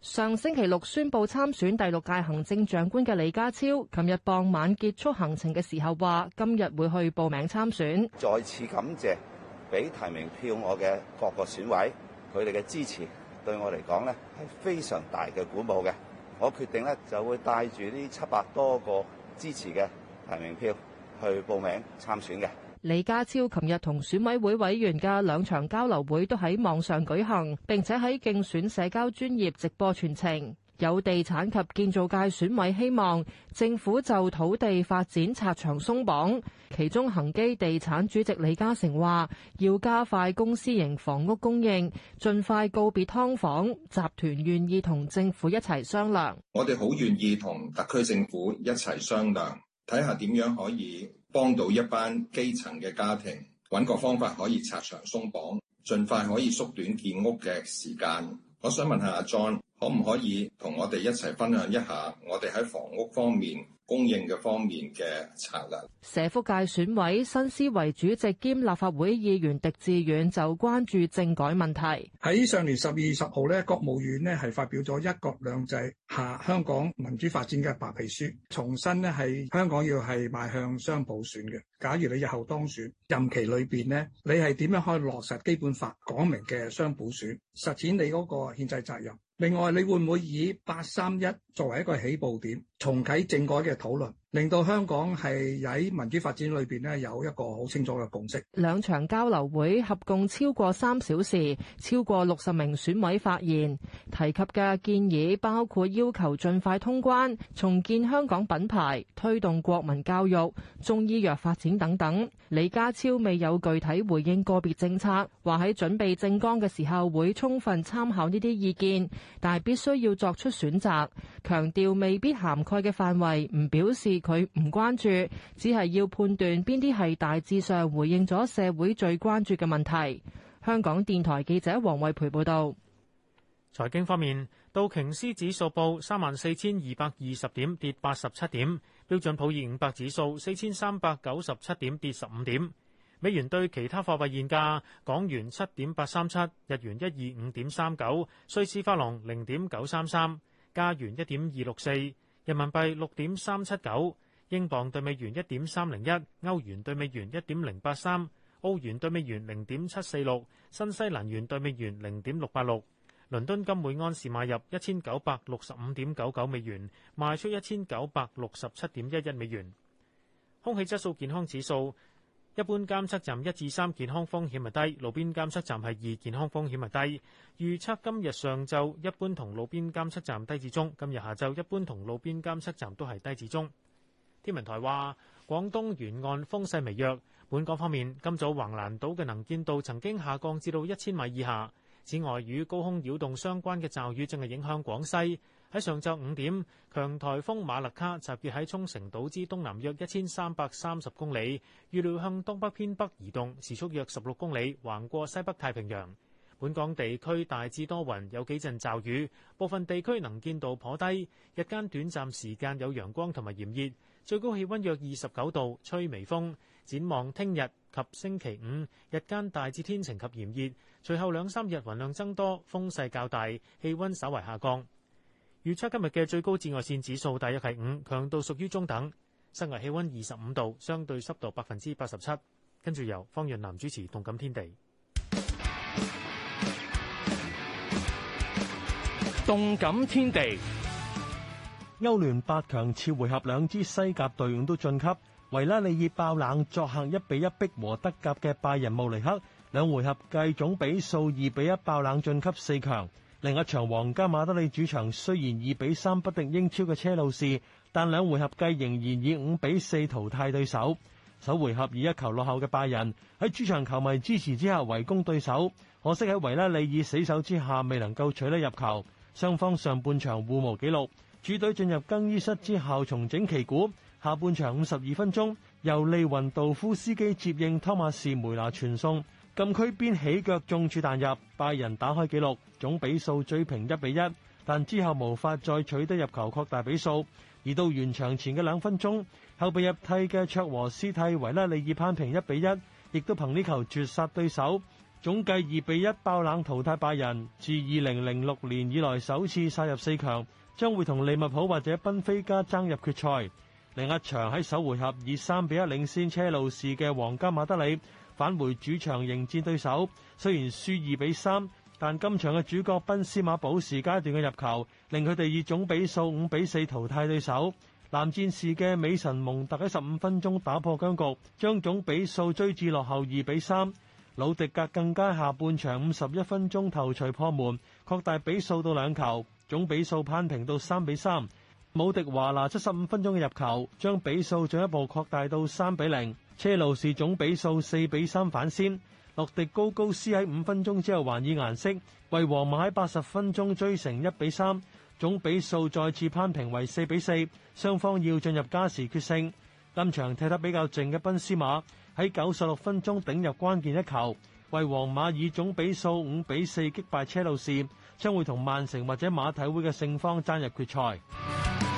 [SPEAKER 15] 上星期六宣布參選第六屆行政長官嘅李家超，琴日傍晚結束行程嘅時候話，今日會去報名參選。
[SPEAKER 16] 再次感謝俾提名票我嘅各個選委佢哋嘅支持，對我嚟講咧係非常大嘅鼓舞嘅。我決定咧就會帶住呢七百多個。支持嘅提名票去報名參選嘅。
[SPEAKER 15] 李家超琴日同選委會委員嘅兩場交流會都喺網上舉行，並且喺競選社交專業直播全程。有地產及建造界選委希望政府就土地發展拆牆鬆綁，其中恒基地產主席李家誠話要加快公私營房屋供應，盡快告別劏房。集團願意同政府一齊商量。
[SPEAKER 16] 我哋好願意同特區政府一齊商量，睇下點樣可以幫到一班基層嘅家庭，揾個方法可以拆牆鬆綁，盡快可以縮短建屋嘅時間。我想問下阿 John，可唔可以同我哋一齊分享一下我哋喺房屋方面供應嘅方面嘅產能，
[SPEAKER 15] 社福界選委、新思維主席兼立法會議員狄志遠就關注政改問題。
[SPEAKER 17] 喺上年十二月十號咧，國務院咧係發表咗《一國兩制下香港民主發展嘅白皮書》，重新咧係香港要係邁向雙普選嘅。假如你日後當選任期裏邊咧，你係點樣可以落實基本法講明嘅雙普選，實踐你嗰個憲制責任？另外，你會唔會以八三一作為一個起步點，重啟政改嘅討論？令到香港係喺民主發展
[SPEAKER 15] 裏邊咧有一個好清楚嘅共識。兩場交流會合共超過三小時，超過六十名選委發言，提及嘅建議包括要求盡快通關、重建香港品牌、推動國民教育、中醫藥發展等等。李家超未有具體回應個別政策，話喺準備政綱嘅時候會充分參考呢啲意見，但係必須要作出選擇，強調未必涵蓋嘅範圍，唔表示。佢唔關注，只係要判斷邊啲係大致上回應咗社會最關注嘅問題。香港電台記者黃慧培報道。
[SPEAKER 9] 財經方面，道瓊斯指數報三萬四千二百二十點，跌八十七點；標準普爾五百指數四千三百九十七點，跌十五點。美元對其他貨幣現價，港元七點八三七，日元一二五點三九，瑞士法郎零點九三三，加元一點二六四。人民幣六點三七九，英鎊對美元一點三零一，歐元對美元一點零八三，澳元對美元零點七四六，新西蘭元對美元零點六八六。倫敦金每安士買入一千九百六十五點九九美元，賣出一千九百六十七點一一美元。空氣質素健康指數。一般監測站一至三健康風險係低，路邊監測站係二健康風險係低。預測今日上晝一般同路邊監測站低至中，今日下晝一般同路邊監測站都係低至中。天文台話，廣東沿岸風勢微弱。本港方面，今早橫瀾島嘅能見度曾經下降至到一千米以下。此外，與高空擾動相關嘅驟雨正係影響廣西。喺上晝五點，強颱風馬勒卡集結喺沖繩島之東南約一千三百三十公里，預料向東北偏北移動，時速約十六公里，橫過西北太平洋。本港地區大致多雲，有幾陣驟雨，部分地區能見度頗低。日間短暫時間有陽光同埋炎熱，最高氣溫約二十九度，吹微風。展望聽日及星期五，日間大致天晴及炎熱，隨後兩三日雲量增多，風勢較大，氣溫稍為下降。預測今日嘅最高紫外線指數大約係五，強度屬於中等。室外氣溫二十五度，相對濕度百分之八十七。跟住由方潤南主持《動感天地》。
[SPEAKER 10] 《動感天地》歐聯八強次回合兩支西甲隊伍都晉級，維拉利爾爆冷作客一比一逼和德甲嘅拜仁慕尼黑，兩回合計總比數二比一爆冷晉級四強。另一場皇家馬德里主場雖然二比三不敵英超嘅車路士，但兩回合計仍然以五比四淘汰對手。首回合以一球落後嘅拜仁喺主場球迷支持之下圍攻對手，可惜喺維拉利爾死守之下未能夠取得入球。雙方上半場互無紀錄，主隊進入更衣室之後重整旗鼓。下半場五十二分鐘，由利雲道夫斯基接應湯馬士梅拿傳送。禁區邊起腳中柱彈入，拜仁打開紀錄，總比數追平1比1，但之後無法再取得入球擴大比數。而到完場前嘅兩分鐘，後備入替嘅卓和斯替維拉利爾攀平1比1，亦都憑呢球絕殺對手。總計2比1爆冷淘汰拜仁，自2006年以來首次殺入四強，將會同利物浦或者賓菲加爭入決賽。另一場喺首回合，以3比1領先車路士嘅皇家馬德里，返回主場迎戰對手，雖然輸二比三，但今場嘅主角賓斯馬補時階段嘅入球，令佢哋以總比數五比四淘汰對手。藍戰士嘅美神蒙特喺十五分鐘打破僵局，將總比數追至落後二比三。魯迪格更加下半場五十一分鐘頭槌破門，擴大比數到兩球，總比數攀平到三比三。武迪華拿七十五分鐘嘅入球，將比數進一步擴大到三比零。車路士總比數四比三反先，洛迪高高斯喺五分鐘之後還以顏色，為皇馬喺八十分鐘追成一比三，總比數再次攀平為四比四，雙方要進入加時決勝。今場踢得比較靜嘅賓斯馬喺九十六分鐘頂入關鍵一球，為皇馬以總比數五比四擊敗車路士，將會同曼城或者馬體會嘅勝方爭入決賽。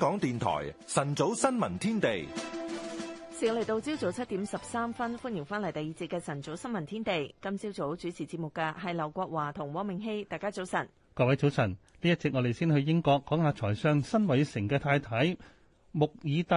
[SPEAKER 1] 香港電台晨早新聞天地，
[SPEAKER 3] 時嚟到朝早七點十三分，歡迎翻嚟第二節嘅晨早新聞天地。今朝早主持節目嘅係劉國華同汪明熙。大家早晨，
[SPEAKER 4] 各位早晨。呢一節我哋先去英國講下財相，辛偉誠嘅太太穆爾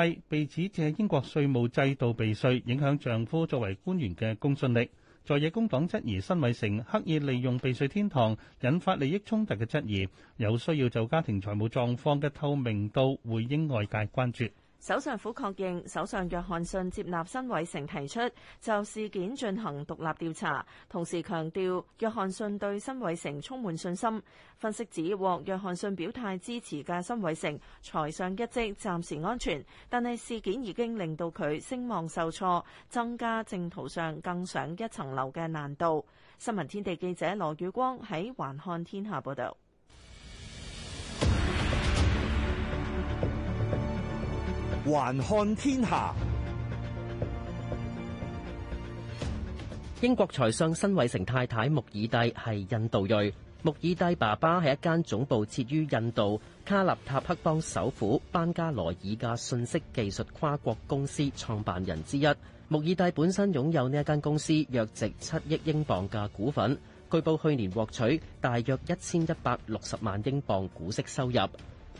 [SPEAKER 4] 蒂被指借英國稅務制度避稅，影響丈夫作為官員嘅公信力。在野工黨質疑辛偉誠刻意利用避稅天堂，引發利益衝突嘅質疑，有需要就家庭財務狀況嘅透明度回應外界關注。
[SPEAKER 3] 首相府確認首相約翰遜接納辛偉成提出就事件進行獨立調查，同時強調約翰遜對辛偉成充滿信心。分析指獲約翰遜表態支持嘅辛偉成，財相一職暫時安全，但係事件已經令到佢聲望受挫，增加政途上更上一層樓嘅難度。新聞天地記者羅宇光喺環看天下報道。
[SPEAKER 18] 環看天下。英國財相辛偉成太太穆爾蒂係印度裔，穆爾蒂爸爸係一間總部設於印度卡納塔克邦首府班加羅爾嘅信息技術跨國公司創辦人之一。穆爾蒂本身擁有呢一間公司約值七億英鎊嘅股份，據報去年獲取大約一千一百六十萬英鎊股息收入。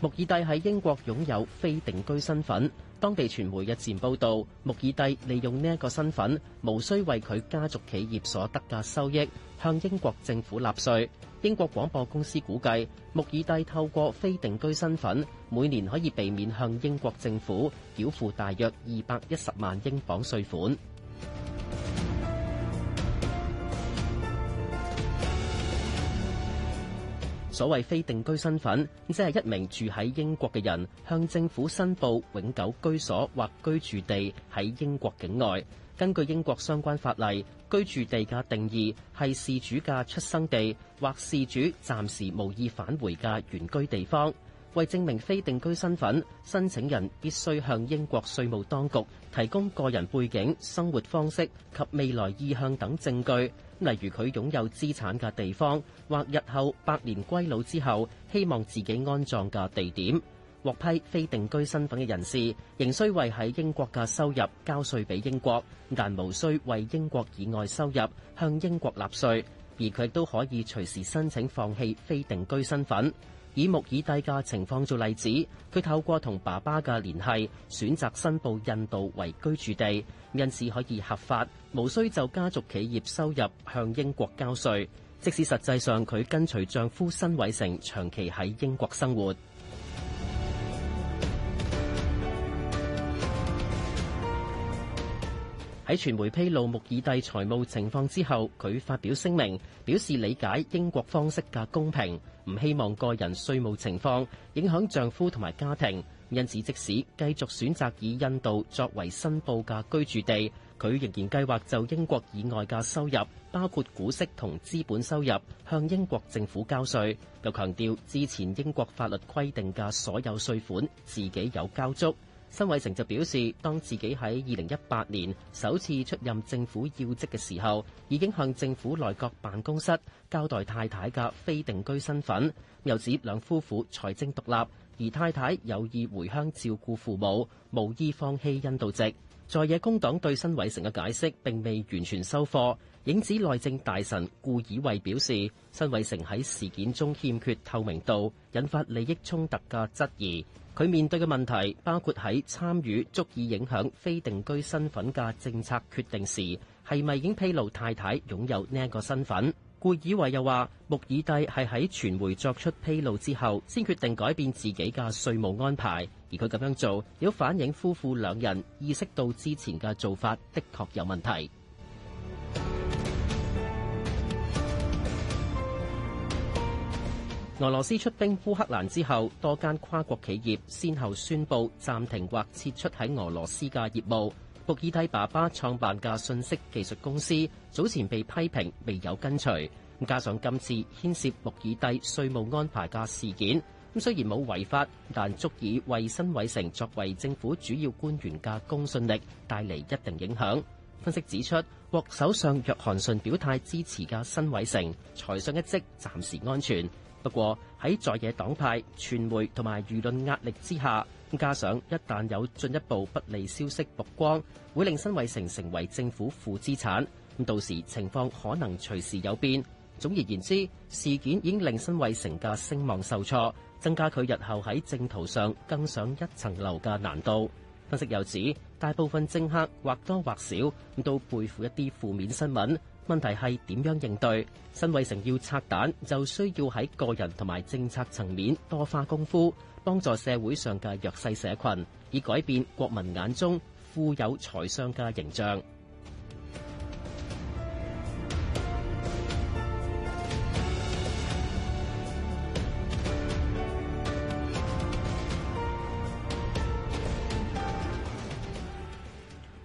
[SPEAKER 18] 穆爾蒂喺英國擁有非定居身份，當地傳媒日前報道，穆爾蒂利用呢一個身份，無需為佢家族企業所得嘅收益向英國政府納稅。英國廣播公司估計，穆爾蒂透過非定居身份，每年可以避免向英國政府繳付大約二百一十萬英鎊稅款。所謂非定居身份，即係一名住喺英國嘅人，向政府申報永久居所或居住地喺英國境外。根據英國相關法例，居住地嘅定義係事主嘅出生地或事主暫時無意返回嘅原居地方。為證明非定居身份，申請人必須向英國稅務當局提供個人背景、生活方式及未來意向等，證據例如佢擁有資產嘅地方或日後以穆爾蒂嘅情況做例子，佢透過同爸爸嘅聯繫，選擇申報印度為居住地，因此可以合法，無需就家族企業收入向英國交稅。即使實際上佢跟隨丈夫辛偉誠長期喺英國生活。喺傳 (music) 媒披露穆爾蒂財務情況之後，佢發表聲明，表示理解英國方式嘅公平。唔希望個人稅務情況影響丈夫同埋家庭，因此即使繼續選擇以印度作為申報嘅居住地，佢仍然計劃就英國以外嘅收入，包括股息同資本收入，向英國政府交稅。又強調之前英國法律規定嘅所有稅款，自己有交足。辛偉誠就表示，當自己喺二零一八年首次出任政府要職嘅時候，已經向政府內閣辦公室交代太太嘅非定居身份，又指兩夫婦財政獨立，而太太有意回鄉照顧父母，無意放棄印度籍。在野工黨對辛偉誠嘅解釋並未完全收貨，影子內政大臣顧以衛表示，辛偉誠喺事件中欠缺透明度，引發利益衝突嘅質疑。佢面對嘅問題包括喺參與足以影響非定居身份嘅政策決定時，係咪已經披露太太擁有呢一個身份？顧以維又話：穆爾蒂係喺傳媒作出披露之後，先決定改變自己嘅稅務安排，而佢咁樣做要反映夫婦兩人意識到之前嘅做法的確有問題。俄羅斯出兵烏克蘭之後，多間跨國企業先後宣布暫停或撤出喺俄羅斯嘅業務。穆爾蒂爸爸創辦嘅信息技術公司早前被批評未有跟隨，加上今次牽涉穆爾蒂稅務安排嘅事件咁，雖然冇違法，但足以為辛偉誠作為政府主要官員嘅公信力帶嚟一定影響。分析指出，獲首相約翰遜表態支持嘅辛偉誠財相一職暫時安全。不過喺在，在野黨派、傳媒同埋輿論壓力之下，加上一旦有進一步不利消息曝光，會令新衛城成為政府負資產。咁到時情況可能隨時有變。總而言之，事件已經令新衛城嘅聲望受挫，增加佢日後喺政途上更上一層樓嘅難度。分析又指，大部分政客或多或少都背負一啲負面新聞。問題係點樣應對？新偉成要拆彈，就需要喺個人同埋政策層面多花功夫，幫助社會上嘅弱勢社群，以改變國民眼中富有財商嘅形象。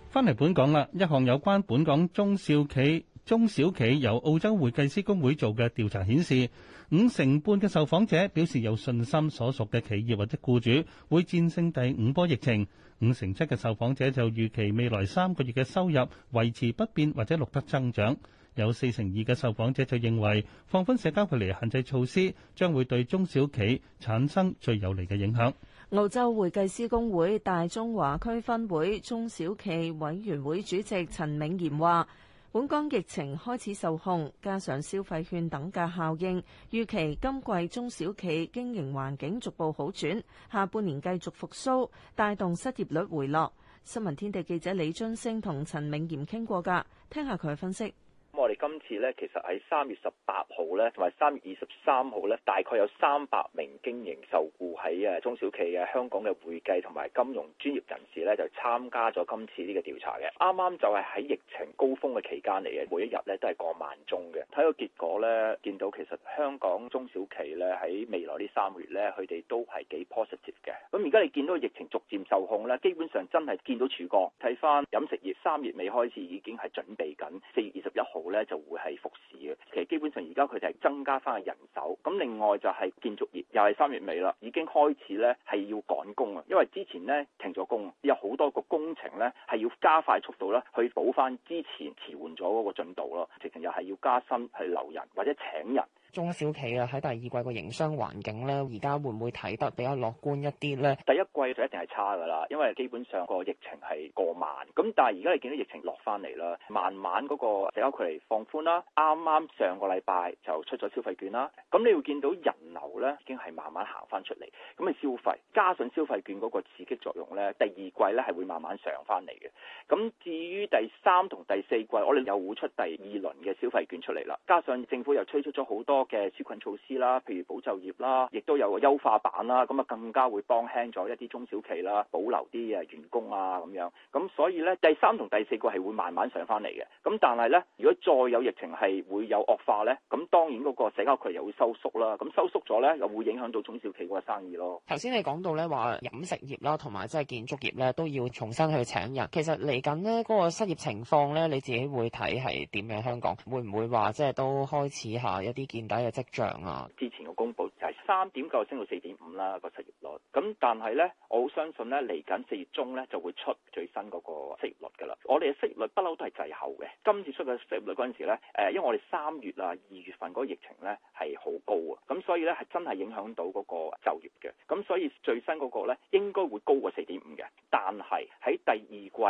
[SPEAKER 4] 翻嚟本港啦，一項有關本港中小企。中小企由澳洲會計師公會做嘅調查顯示，五成半嘅受訪者表示有信心，所屬嘅企業或者雇主會戰勝第五波疫情。五成七嘅受訪者就預期未來三個月嘅收入維持不變或者錄得增長，有四成二嘅受訪者就認為放寬社交距離限制措施將會對中小企產生最有利嘅影響。
[SPEAKER 3] 澳洲會計師公會大中華區分會中小企委,委員會主席陳銘賢話。本港疫情開始受控，加上消費券等嘅效應，預期今季中小企經營環境逐步好轉，下半年繼續復甦，帶動失業率回落。新聞天地記者李津升同陳銘賢傾過㗎，聽下佢嘅分析。
[SPEAKER 7] 咁我哋今次咧，其實喺三月十八號咧，同埋三月二十三號咧，大概有三百名經營受雇喺啊中小企嘅香港嘅會計同埋金融專業人士咧，就參加咗今次呢個調查嘅。啱啱就係喺疫情高峰嘅期間嚟嘅，每一日咧都係過萬宗嘅。睇個結果咧，見到其實香港中小企咧喺未來呢三個月咧，佢哋都係幾 positive 嘅。咁而家你見到疫情逐漸受控咧，基本上真係見到曙光。睇翻飲食業三月尾開始已經係準備緊，四月二十一號，咧就會係復市嘅，其實基本上而家佢哋係增加翻人手，咁另外就係建築業又係三月尾啦，已經開始咧係要趕工啊，因為之前咧停咗工，有好多個工程咧係要加快速度啦，去補翻之前遲緩咗嗰個進度咯，直情又係要加薪去留人或者請人。
[SPEAKER 6] 中小企啊，喺第二季個營商環境呢，而家會唔會睇得比較樂觀一啲呢？
[SPEAKER 7] 第一季就一定係差噶啦，因為基本上個疫情係過萬，咁但係而家你見到疫情落翻嚟啦，慢慢嗰個社交距離放寬啦，啱啱上個禮拜就出咗消費券啦，咁你會見到人流呢已經係慢慢行翻出嚟，咁啊消費，加上消費券嗰個刺激作用呢，第二季呢係會慢慢上翻嚟嘅。咁至於第三同第四季，我哋又會出第二輪嘅消費券出嚟啦，加上政府又推出咗好多。嘅紓困措施啦，譬如保就業啦，亦都有個優化版啦，咁啊更加會幫輕咗一啲中小企啦，保留啲啊員工啊咁樣。咁所以咧，第三同第四個係會慢慢上翻嚟嘅。咁但係咧，如果再有疫情係會有惡化咧，咁當然嗰個社交距離又會收縮啦。咁收縮咗咧，又會影響到中小企個生意咯。
[SPEAKER 6] 頭先你講到咧，話飲食業啦，同埋即係建築業咧都要重新去請人。其實嚟緊咧嗰個失業情況咧，你自己會睇係點樣，香港，會唔會話即係都開始下一啲建築嘅跡象啊，之
[SPEAKER 7] 前嘅公佈就係三點九升到四點五啦個失業率。咁但係咧，我好相信咧，嚟緊四月中咧就會出最新嗰個失業率㗎啦。我哋嘅失業率不嬲都係滯後嘅。今次出嘅失業率嗰陣時咧，誒，因為我哋三月啊、二月份嗰個疫情咧係好高啊，咁所以咧係真係影響到嗰個就業嘅。咁所以最新嗰個咧應該會高過四點五嘅。但係喺第二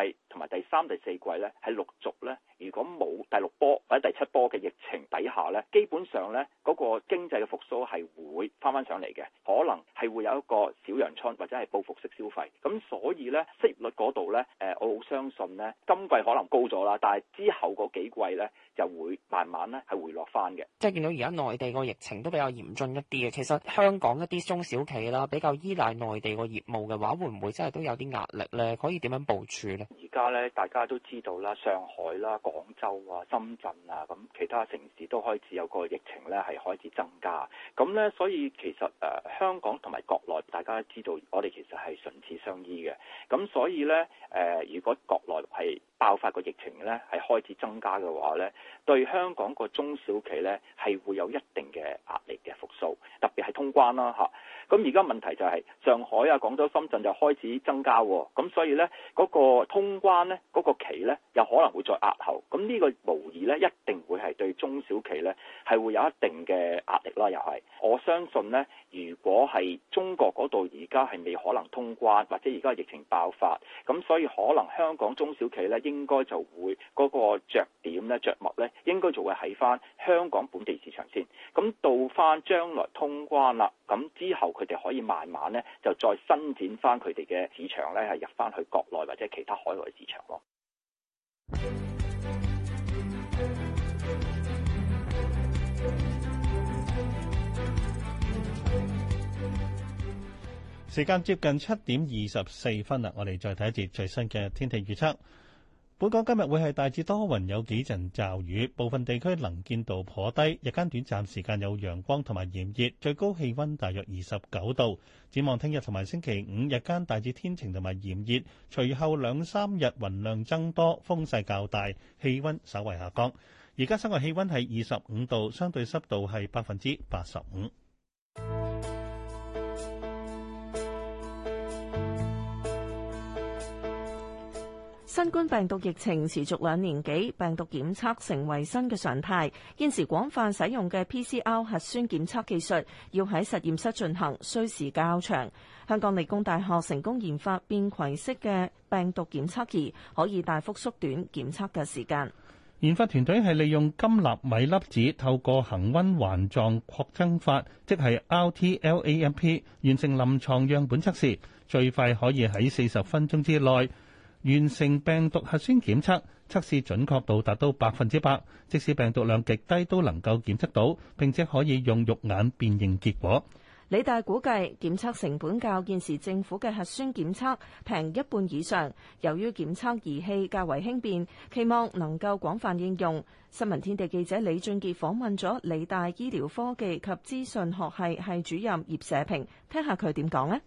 [SPEAKER 7] 季同埋第三、第四季咧，係陸續咧，如果冇第六波或者第七波嘅疫情底下咧，基本上咧。嗰個經濟嘅復甦係會翻翻上嚟嘅，可能係會有一個小陽春或者係報復式消費，咁所以呢，失業率嗰度呢，誒、呃，我好相信呢，今季可能高咗啦，但係之後嗰幾季呢，就會慢慢呢係回落翻嘅。
[SPEAKER 6] 即係見到而家內地個疫情都比較嚴峻一啲嘅，其實香港一啲中小企啦，比較依賴內地個業務嘅話，會唔會真係都有啲壓力呢？可以點樣部署呢？而
[SPEAKER 7] 家呢，大家都知道啦，上海啦、廣州啊、深圳啊咁其他城市都開始有個疫情呢，係開始增加，咁呢，所以其實誒、呃、香港同埋國內大家知道，我哋其實係唇齒相依嘅，咁所以呢，誒、呃，如果國內係爆發個疫情呢，係開始增加嘅話呢，對香港個中小企呢，係會有一定嘅壓力嘅復甦，特別係通關啦嚇。咁而家問題就係上海啊、廣州、深圳就開始增加喎，咁所以呢，嗰、那個通關呢，嗰、那個期呢，有可能會再壓後，咁呢個無疑呢，一定會。對中小企咧係會有一定嘅壓力啦，又係我相信呢，如果係中國嗰度而家係未可能通關，或者而家疫情爆發，咁所以可能香港中小企呢，應該就會嗰個著點咧着墨呢，應該就會喺翻香港本地市場先。咁到翻將來通關啦，咁之後佢哋可以慢慢呢就再伸展翻佢哋嘅市場呢，係入翻去國內或者其他海外市場咯。 (music)
[SPEAKER 4] 時間接近七點二十四分啦，我哋再睇一節最新嘅天氣預測。本港今日會係大致多雲，有幾陣驟雨，部分地區能見度頗低。日間短暫時間有陽光同埋炎熱，最高氣温大約二十九度。展望聽日同埋星期五，日間大致天晴同埋炎熱，隨後兩三日雲量增多，風勢較大，氣温稍為下降。而家室外氣温係二十五度，相對濕度係百分
[SPEAKER 3] 之八十五。新冠病毒疫情持續兩年幾，病毒檢測成為新嘅常態。現時廣泛使用嘅 PCR 核酸檢測技術要喺實驗室進行，需時較長。香港理工大學成功研發便攜式嘅病毒檢測儀，可以大幅縮短檢測嘅時間。
[SPEAKER 4] 研發團隊係利用金納米粒子透過恒溫環狀擴增法，即係 RT-LAMP，完成臨床樣本測試，最快可以喺四十分鐘之內完成病毒核酸檢測測試，準確度達到百分之百，即使病毒量極低都能夠檢測到，並且可以用肉眼辨認結果。
[SPEAKER 3] 理大估計檢測成本較現時政府嘅核酸檢測平一半以上，由於檢測儀器較為輕便，期望能夠廣泛應用。新聞天地記者李俊杰訪問咗理大醫療科技及資訊學系系主任葉社平，聽下佢點講呢？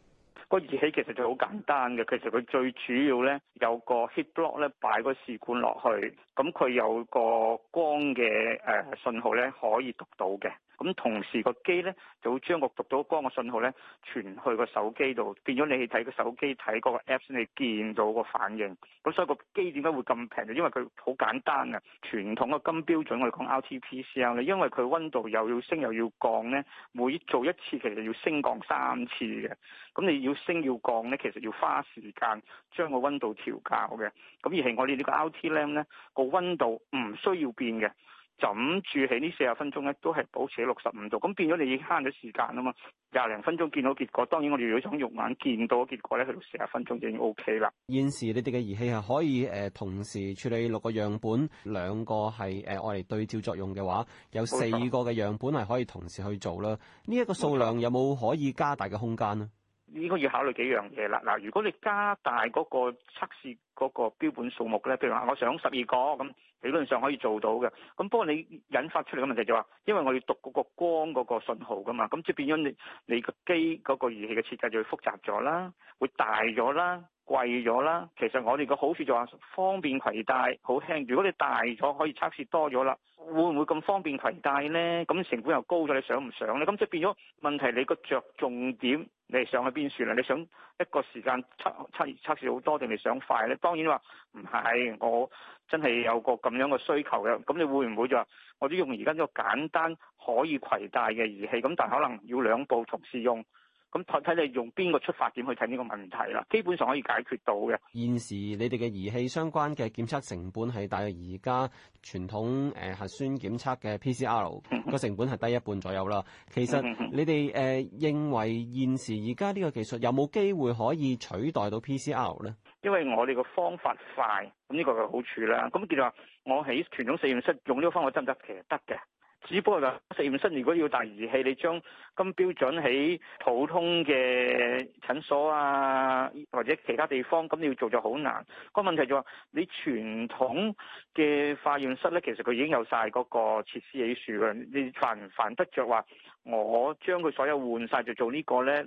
[SPEAKER 17] 個熱起其實就好簡單嘅，其實佢最主要咧有個 heat block 咧擺個試管落去。咁佢有個光嘅誒、呃、信號咧，可以讀到嘅。咁同時個機咧就會將個讀到光嘅信號咧傳去個手機度，變咗你去睇個手機睇個 apps 你見到個反應。咁所以個機點解會咁平？因為佢好簡單啊。傳統嘅金標準我哋講 RT-PCR 啊，因為佢温度又要升又要降咧，每做一次其實要升降三次嘅。咁你要升要降咧，其實要花時間將個温度調校嘅。咁而係我哋呢個 RT-LAMP 咧。温度唔需要變嘅，枕住喺呢四十分鐘咧，都係保持喺六十五度。咁變咗，你已經慳咗時間啊嘛，廿零分鐘見到結果。當然，我哋如果想肉眼見到結果咧，去到四十分鐘就已經 O K 啦。
[SPEAKER 19] 現時你哋嘅儀器係可以誒，同時處理六個樣本，兩個係誒，我哋對照作用嘅話，有四個嘅樣本係可以同時去做啦。呢一 Okay. 個數量有冇可以加大嘅空間咧？
[SPEAKER 17] 應該要考慮幾樣嘢啦。嗱，如果你加大嗰個測試嗰個標本數目咧，譬如話我想十二個咁，理論上可以做到嘅。咁不過你引發出嚟嘅問題就係話，因為我要讀嗰個光嗰個信號噶嘛，咁即係變咗你你個機嗰個儀器嘅設計就會複雜咗啦，會大咗啦。貴咗啦，其實我哋個好處就係方便攜帶，好輕。如果你大咗，可以測試多咗啦，會唔會咁方便攜帶呢？咁成本又高咗，你想唔想呢？咁即係變咗問題你，你個着重點你係上去邊處呀？你想一個時間測測，測，測試測好多定係想快呢？當然話唔係，我真係有個咁樣嘅需求嘅。咁你會唔會就話我都用而家呢個簡單可以攜帶嘅儀器？咁但可能要兩部同時用。咁睇睇你用邊個出發點去睇呢個問
[SPEAKER 19] 題啦，基本上可以解決到嘅。現時你哋嘅儀器相關嘅檢測成本係大約而家傳統誒核酸檢測嘅 PCR 個成本係低一半左右啦。其實你哋誒、 (laughs) 呃、認為現時而家呢個技術有冇機會可以取代到 PCR 咧？
[SPEAKER 17] 因為我哋個方法快，咁呢個係好處啦。咁叫做我喺傳統實驗室用呢個方法得唔得？其實得嘅。只不過就實驗室，如果要大儀器，你將金標準喺普通嘅診所啊，或者其他地方，咁你要做就好難。個問題就係話，你傳統嘅化驗室咧，其實佢已經有晒嗰個設施喺處嘅，你煩唔煩得着話？我將佢所有換晒就做呢個咧，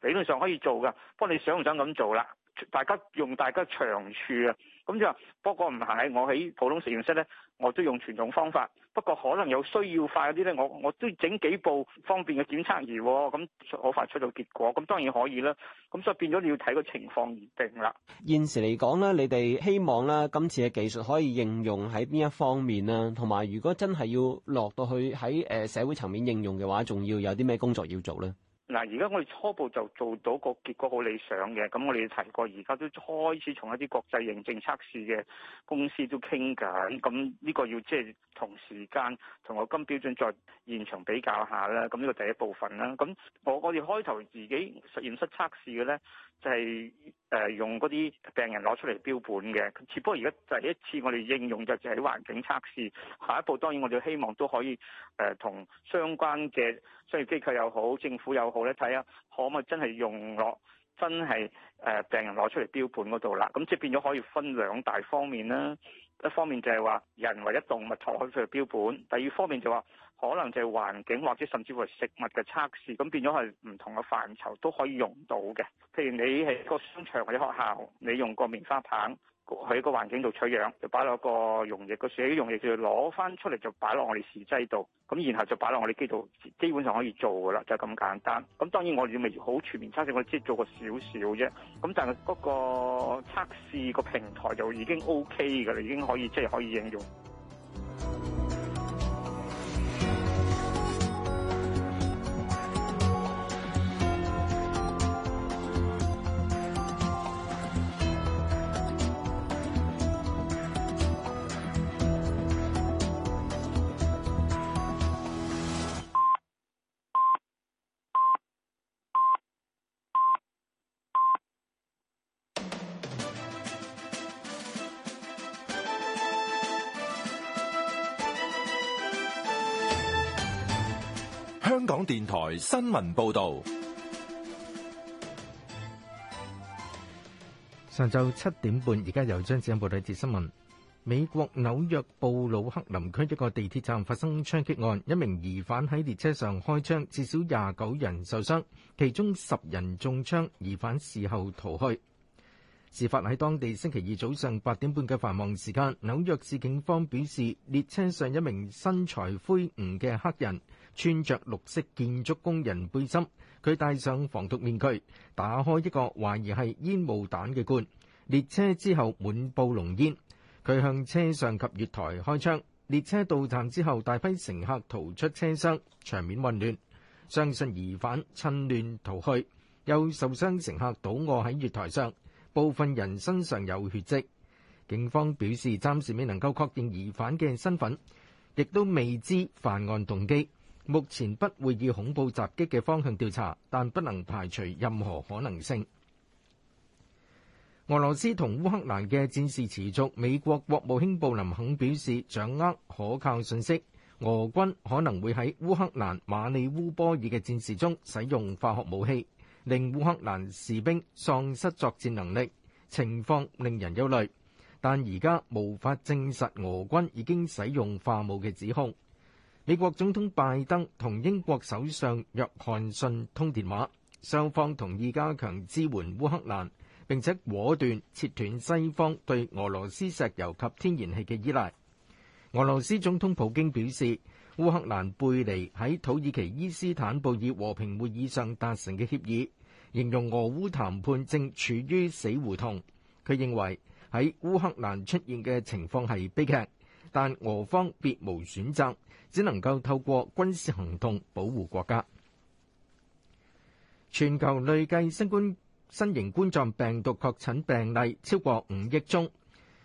[SPEAKER 17] 理論上可以做㗎。不過你想唔想咁做啦？大家用大家長處啊。咁就話不過唔係，我喺普通實驗室咧。我都用傳統方法，不過可能有需要快啲咧，我我都整幾部方便嘅檢測儀，咁好快出到結果，咁當然可以啦。咁所以變咗你要睇個情況而定啦。
[SPEAKER 19] 現時嚟講咧，你哋希望啦，今次嘅技術可以應用喺邊一方面啦？同埋如果真係要落到去喺誒社會層面應用嘅話，仲要有啲咩工作要做咧？
[SPEAKER 17] 嗱，而家我哋初步就做到個結果好理想嘅，咁我哋提過，而家都開始從一啲國際認證測試嘅公司都傾緊，咁呢個要即係同時間同個金標準再現場比較下啦，咁呢個第一部分啦。咁我我哋開頭自己實驗室測試嘅咧，就係、是、誒用嗰啲病人攞出嚟標本嘅，只不過而家就係第一次我哋應用就係喺環境測試，下一步當然我哋希望都可以誒同相關嘅。商業機構又好，政府又好咧，睇下可唔可以真係用落，真係誒、呃、病人攞出嚟標本嗰度啦。咁即係變咗可以分兩大方面啦。一方面就係話人或者動物攞去出嚟標本，第二方面就話可能就係環境或者甚至乎係食物嘅測試。咁變咗係唔同嘅範疇都可以用到嘅。譬如你喺個商場或者學校，你用個棉花棒。喺個環境度取樣，就擺落個溶液、個水溶液，就攞翻出嚟就擺落我哋試劑度，咁然後就擺落我哋機度，基本上可以做噶啦，就係咁簡單。咁當然我哋未好全面測試，我只係做過少少啫。咁但係嗰個測試個平台就已經 OK 噶啦，已經可以即係可以應用。
[SPEAKER 1] 台新聞報道，
[SPEAKER 13] 上晝七點半，而家由張子欣報道第一節新聞：美國紐約布魯克林區一個地鐵站發生槍擊案，一名疑犯喺列車上開槍，至少廿九人受傷，其中十人中槍。疑犯事後逃去。事發喺當地星期二早上八點半嘅繁忙時間。紐約市警方表示，列車上一名身材魁梧嘅黑人。穿着綠色建築工人背心，佢戴上防毒面具，打開一個懷疑係煙霧彈嘅罐。列車之後滿布濃煙。佢向車上及月台開槍。列車到站之後，大批乘客逃出車廂，場面混亂。相信疑犯趁亂逃去，有受傷乘客倒卧喺月台上，部分人身上有血跡。警方表示，暫時未能夠確定疑犯嘅身份，亦都未知犯案動機。目前不會以恐怖襲擊嘅方向調查，但不能排除任何可能性。俄羅斯同烏克蘭嘅戰事持續，美國國務卿布林肯表示，掌握可靠信息，俄軍可能會喺烏克蘭馬里烏波爾嘅戰事中使用化學武器，令烏克蘭士兵喪失作戰能力，情況令人憂慮。但而家無法證實俄軍已經使用化武嘅指控。美國總統拜登同英國首相約翰遜通電話，雙方同意加強支援烏克蘭，並且果斷切斷西方對俄羅斯石油及天然氣嘅依賴。俄羅斯總統普京表示，烏克蘭背離喺土耳其伊斯坦布爾和平會議上達成嘅協議，形容俄烏談判正處於死胡同。佢認為喺烏克蘭出現嘅情況係悲劇。但俄方別無選擇，只能夠透過軍事行動保護國家。全球累計新冠新型冠狀病毒確診病例超過五億宗。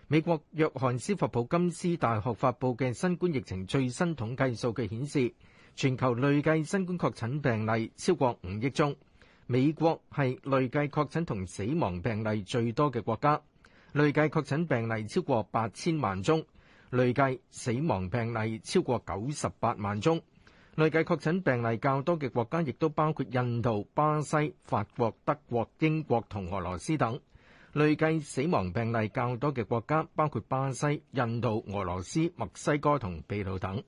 [SPEAKER 13] 美國約翰斯霍普金斯大學發布嘅新冠疫情最新統計數據顯示，全球累計新冠確診病例超過五億宗。美國係累計確診同死亡病例最多嘅國家，累計確診病例超過八千萬宗。累計死亡病例超過九十八萬宗，累計確診病例較多嘅國家亦都包括印度、巴西、法國、德國、英國同俄羅斯等。累計死亡病例較多嘅國家包括巴西、印度、俄羅斯、墨西哥同秘魯等。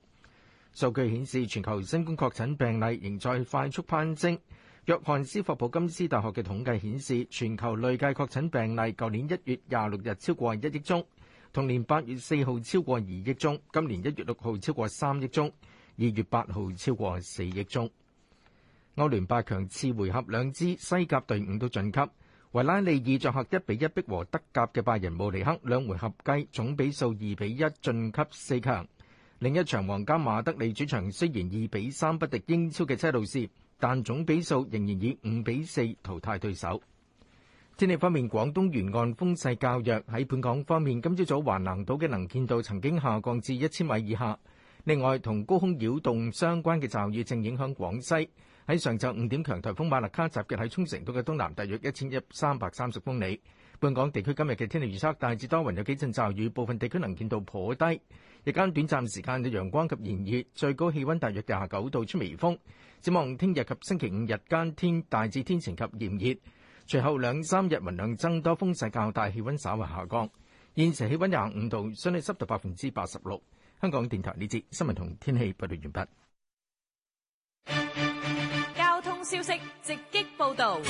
[SPEAKER 13] 數據顯示，全球新冠確診病例仍在快速攀升。約翰斯霍普金斯大學嘅統計顯示，全球累計確診病例舊年一月廿六日超過一億宗。同年八月四號超過二億宗，今年一月六號超過三億宗，二月八號超過四億宗。歐聯八強次回合兩支西甲隊伍都晉級，維拉利爾作客一比一逼和德甲嘅拜仁慕尼黑，兩回合計總比數二比一晉級四強。另一場皇家馬德里主場雖然二比三不敵英超嘅車路士，但總比數仍然以五比四淘汰對手。天氣方面，廣東沿岸風勢較弱。喺本港方面，今朝早華南島嘅能見度曾經下降至一千米以下。另外，同高空擾動相關嘅驟雨正影響廣西。喺上晝五點強颱風馬勒卡集結喺沖繩島嘅東南，大約一千三百三十公里。本港地區今日嘅天氣預測大致多雲，有幾陣驟雨，部分地區能見度頗低。日間短暫時間嘅陽光及炎熱，最高氣溫大約廿九度，出微風。展望聽日及星期五日間天大致天晴及炎熱。隨後兩三日雲量增多，風勢較大，氣温稍為下降。現時氣温廿五度，相對濕度百分之八十六。香港電台呢節新聞同天氣報道完畢。
[SPEAKER 11] 交通消息直擊報道。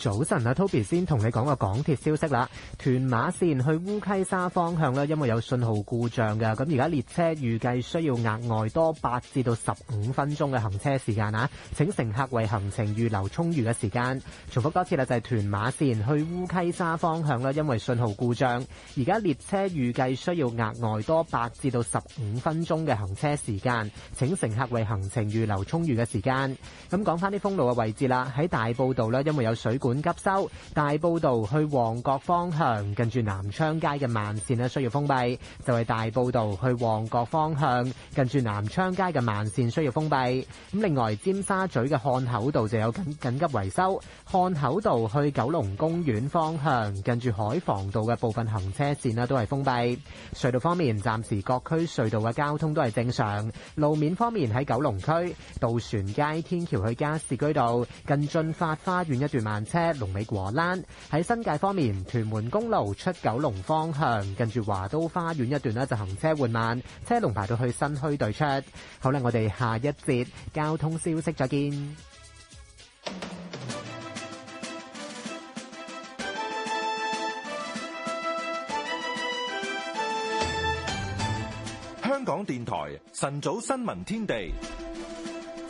[SPEAKER 14] 早晨啊，Toby 先同你講個港鐵消息啦。屯馬綫去烏溪沙方向咧，因為有信號故障嘅，咁而家列車預計需要額外多八至到十五分鐘嘅行車時間啊，請乘客為行程預留充裕嘅時間。重複多次啦，就係屯馬綫去烏溪沙方向咧，因為信號故障，而家列車預計需要額外多八至到十五分鐘嘅行車時間，請乘客為行程預留充裕嘅時間。咁講翻啲封路嘅位置啦，喺大埔道咧，因為有水管本急收大埔道去旺角方向，近住南昌街嘅慢線咧，需要封閉。就係大埔道去旺角方向，近住南昌街嘅慢線需要封閉。咁另外尖沙咀嘅漢口道就有緊緊急維修。漢口道去九龍公園方向，近住海防道嘅部分行車線咧都係封閉。隧道方面，暫時各區隧道嘅交通都係正常。路面方面，喺九龍區渡船街天橋去加士居道近駿發花園一段慢車。車龍尾果欄。喺新界方面，屯門公路出九龍方向，近住華都花園一段咧，就行車緩慢，車龍排到去新墟對出。好啦，我哋下一節交通消息再見。
[SPEAKER 1] 香港電台晨早新聞天地。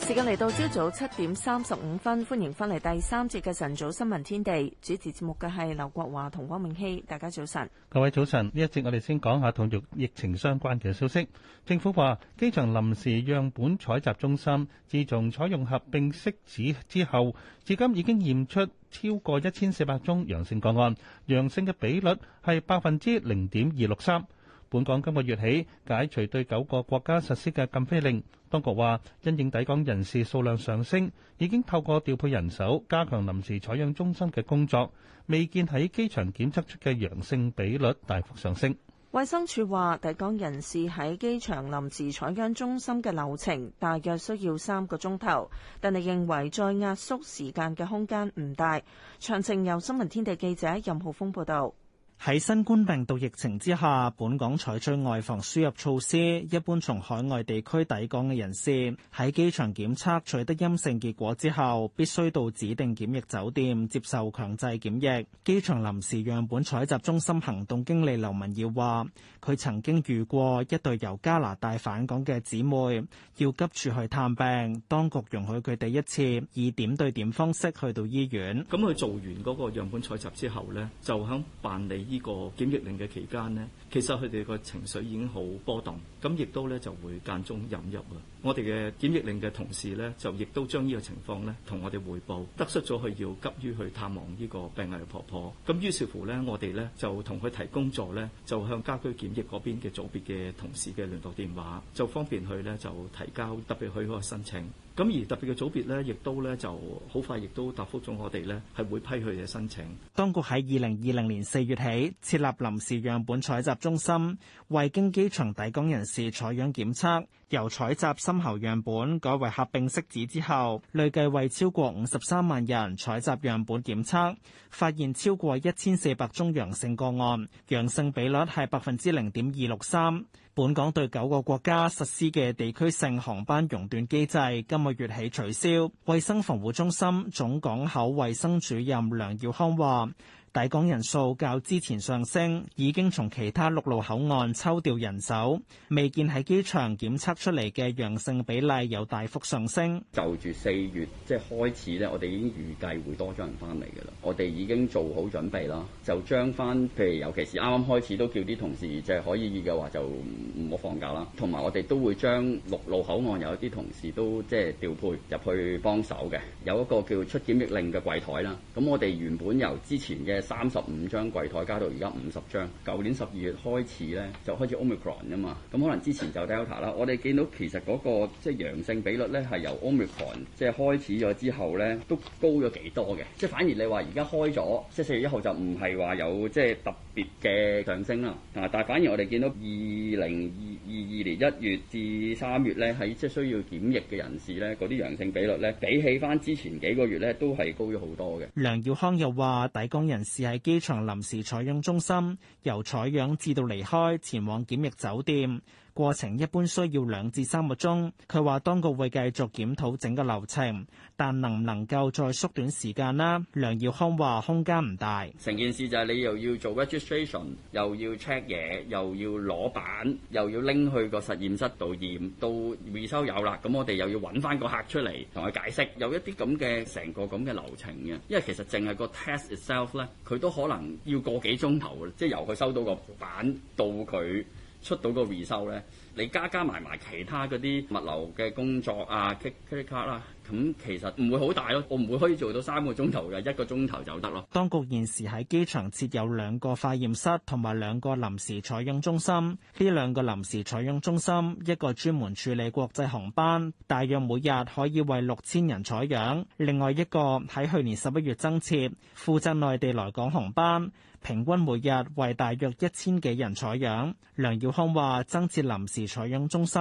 [SPEAKER 3] 時間嚟到朝早七點三十五分，歡迎翻嚟第三節嘅晨早新聞天地。主持節目嘅係劉國華同汪明熙。大家早晨。
[SPEAKER 4] 各位早晨，呢一節我哋先講下同疫疫情相關嘅消息。政府話機場臨時樣本採集中心自從採用合併式紙之後，至今已經驗出超過一千四百宗陽性個案，陽性嘅比率係百分之零點二六三。本港今個月起解除對九個國家實施嘅禁飛令，當局話因應抵港人士數量上升，已經透過調配人手加強臨時採樣中心嘅工作，未見喺機場檢測出嘅陽性比率大幅上升。
[SPEAKER 3] 衛生署話，抵港人士喺機場臨時採樣中心嘅流程大約需要三個鐘頭，但係認為再壓縮時間嘅空間唔大。詳情由新聞天地記者任浩峰報道。
[SPEAKER 20] 喺新冠病毒疫情之下，本港採取外防輸入措施。一般從海外地區抵港嘅人士，喺機場檢測取得陰性結果之後，必須到指定檢疫酒店接受強制檢疫。機場臨時樣本採集中心行動經理劉文耀話，佢曾經遇過一對由加拿大返港嘅姊妹，要急住去探病，當局容許佢哋一次以點對點方式去到醫院。咁佢做完嗰個樣本採集之後咧，就響辦理呢個檢疫令嘅期間呢，其實佢哋個情緒已經好
[SPEAKER 7] 波動，咁亦都咧就會間中引入。啊。我哋嘅檢疫令嘅同事呢，就亦都將呢個情況呢同我哋彙報，得出咗佢要急於去探望呢個病危婆婆，咁於是乎呢，我哋呢就同佢提供咗呢，就向家居檢疫嗰邊嘅組別嘅同事嘅聯絡電話，就方便佢呢就提交特別許可申請。咁而特別嘅組別咧，亦都咧就好快，亦都答覆咗我哋咧，係會批佢嘅申請。
[SPEAKER 20] 當局喺二零二零年四月起設立臨時樣本採集中心，為經機場抵港人士採樣檢測，由採集深喉樣本改為合併拭子之後，累計為超過五十三萬人採集樣本檢測，發現超過一千四百宗陽性個案，陽性比率係百分之零點二六三。本港對九個國家實施嘅地區性航班熔斷機制，今個月起取消。衛生防護中心總港口衛生主任梁耀康話。抵港人數較之前上升，已經從其他陸路口岸抽調人手，未見喺機場檢測出嚟嘅陽性比例有大幅上升。就住
[SPEAKER 21] 四月即係、就是、開始咧，我哋已經預計會多咗人翻嚟㗎啦。我哋已經做好準備啦，就將翻譬如尤其是啱啱開始都叫啲同事即係、就是、可以嘅話就唔好放假啦。同埋我哋都會將陸路口岸有一啲同事都即係、就是、調配入去幫手嘅，有一個叫出檢疫令嘅櫃台啦咁我哋原本由之前嘅三十五張櫃台加到而家五十張。舊年十二月開始咧，就開始 Omicron 㗎嘛。咁可能之前就 Delta 啦。我哋見到其實嗰個即係陽性比率咧，係由 Omicron 即係開始咗之後咧，都高咗幾多嘅。即係反而你話而家開咗，即係四月一號就唔係話有即係特別嘅上升啦。啊，但係反而我哋見到二零二二年一月至三月咧，喺即係需要檢疫嘅人士咧，嗰啲陽性比率咧，比起翻之前幾個月咧，都係高咗好多嘅。
[SPEAKER 20] 梁耀康又話：抵江人。是喺機場臨時採樣中心，由採樣至到離開，前往檢疫酒店。過程一般需要兩至三個鐘。佢話當局會繼續檢討整個流程，但能唔能夠再縮短時間呢？梁耀康話空間唔大。
[SPEAKER 21] 成件事就係你又要做 registration，又要 check 嘢，又要攞板，又要拎去個實驗室度驗，到 result 有啦。咁我哋又要搵返個客出嚟同佢解釋，有一啲咁嘅成個咁嘅流程嘅。因為其實淨係個 test itself 咧，佢都可能要個幾鐘頭，即係由佢收到個板到佢。出到個回收咧，你加加埋埋其他嗰啲物流嘅工作啊 card 啦，咁、啊、其實唔會好大咯，我唔會可以做到三個鐘頭嘅，一個鐘頭就得咯。
[SPEAKER 20] 當局現時喺機場設有兩個化驗室同埋兩個臨時採樣中心，呢兩個臨時採樣中心一個專門處理國際航班，大約每日可以為六千人採樣；另外一個喺去年十一月增設，負責內地來港航班。平均每日為大約一千幾人採樣。梁耀康話，增設臨時採樣中心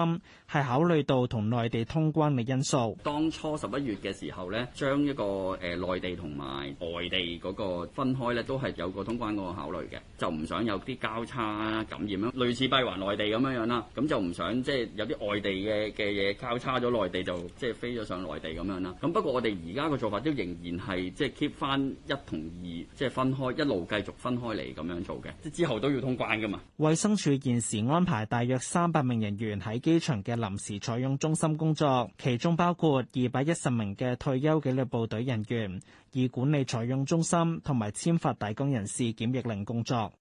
[SPEAKER 20] 係考慮到同內地通關嘅因素。當初十
[SPEAKER 21] 一月嘅時候呢，將一個誒、呃、內地同埋外地嗰個分開呢都係有個通關嗰個考慮嘅，就唔想有啲交叉感染啦。類似閉環內地咁樣樣啦，咁就唔想即係、就是、有啲外地嘅嘅嘢交叉咗內地就即係、就是、飛咗上內地咁樣啦。咁不過我哋而家嘅做法都仍然係即係 keep 翻一同二即係分開，一路繼續。分開嚟咁樣做嘅，即之後都要通關噶嘛。
[SPEAKER 20] 衛生署現時安排大約三百名人員喺機場嘅臨時採用中心工作，其中包括二百一十名嘅退休紀律部隊人員，以管理採用中心同埋簽發抵港人士檢疫令工作。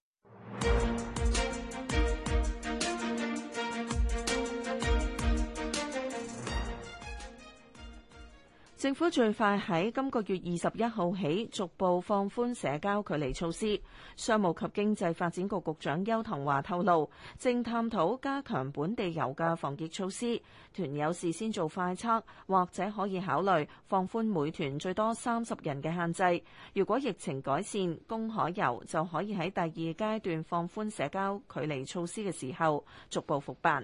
[SPEAKER 3] 政府最快喺今個月二十一號起逐步放寬社交距離措施。商務及經濟發展局局長邱騰華透露，正探討加強本地遊嘅防疫措施。團友事先做快測，或者可以考慮放寬每團最多三十人嘅限制。如果疫情改善，公海遊就可以喺第二階段放寬社交距離措施嘅時候逐步復辦。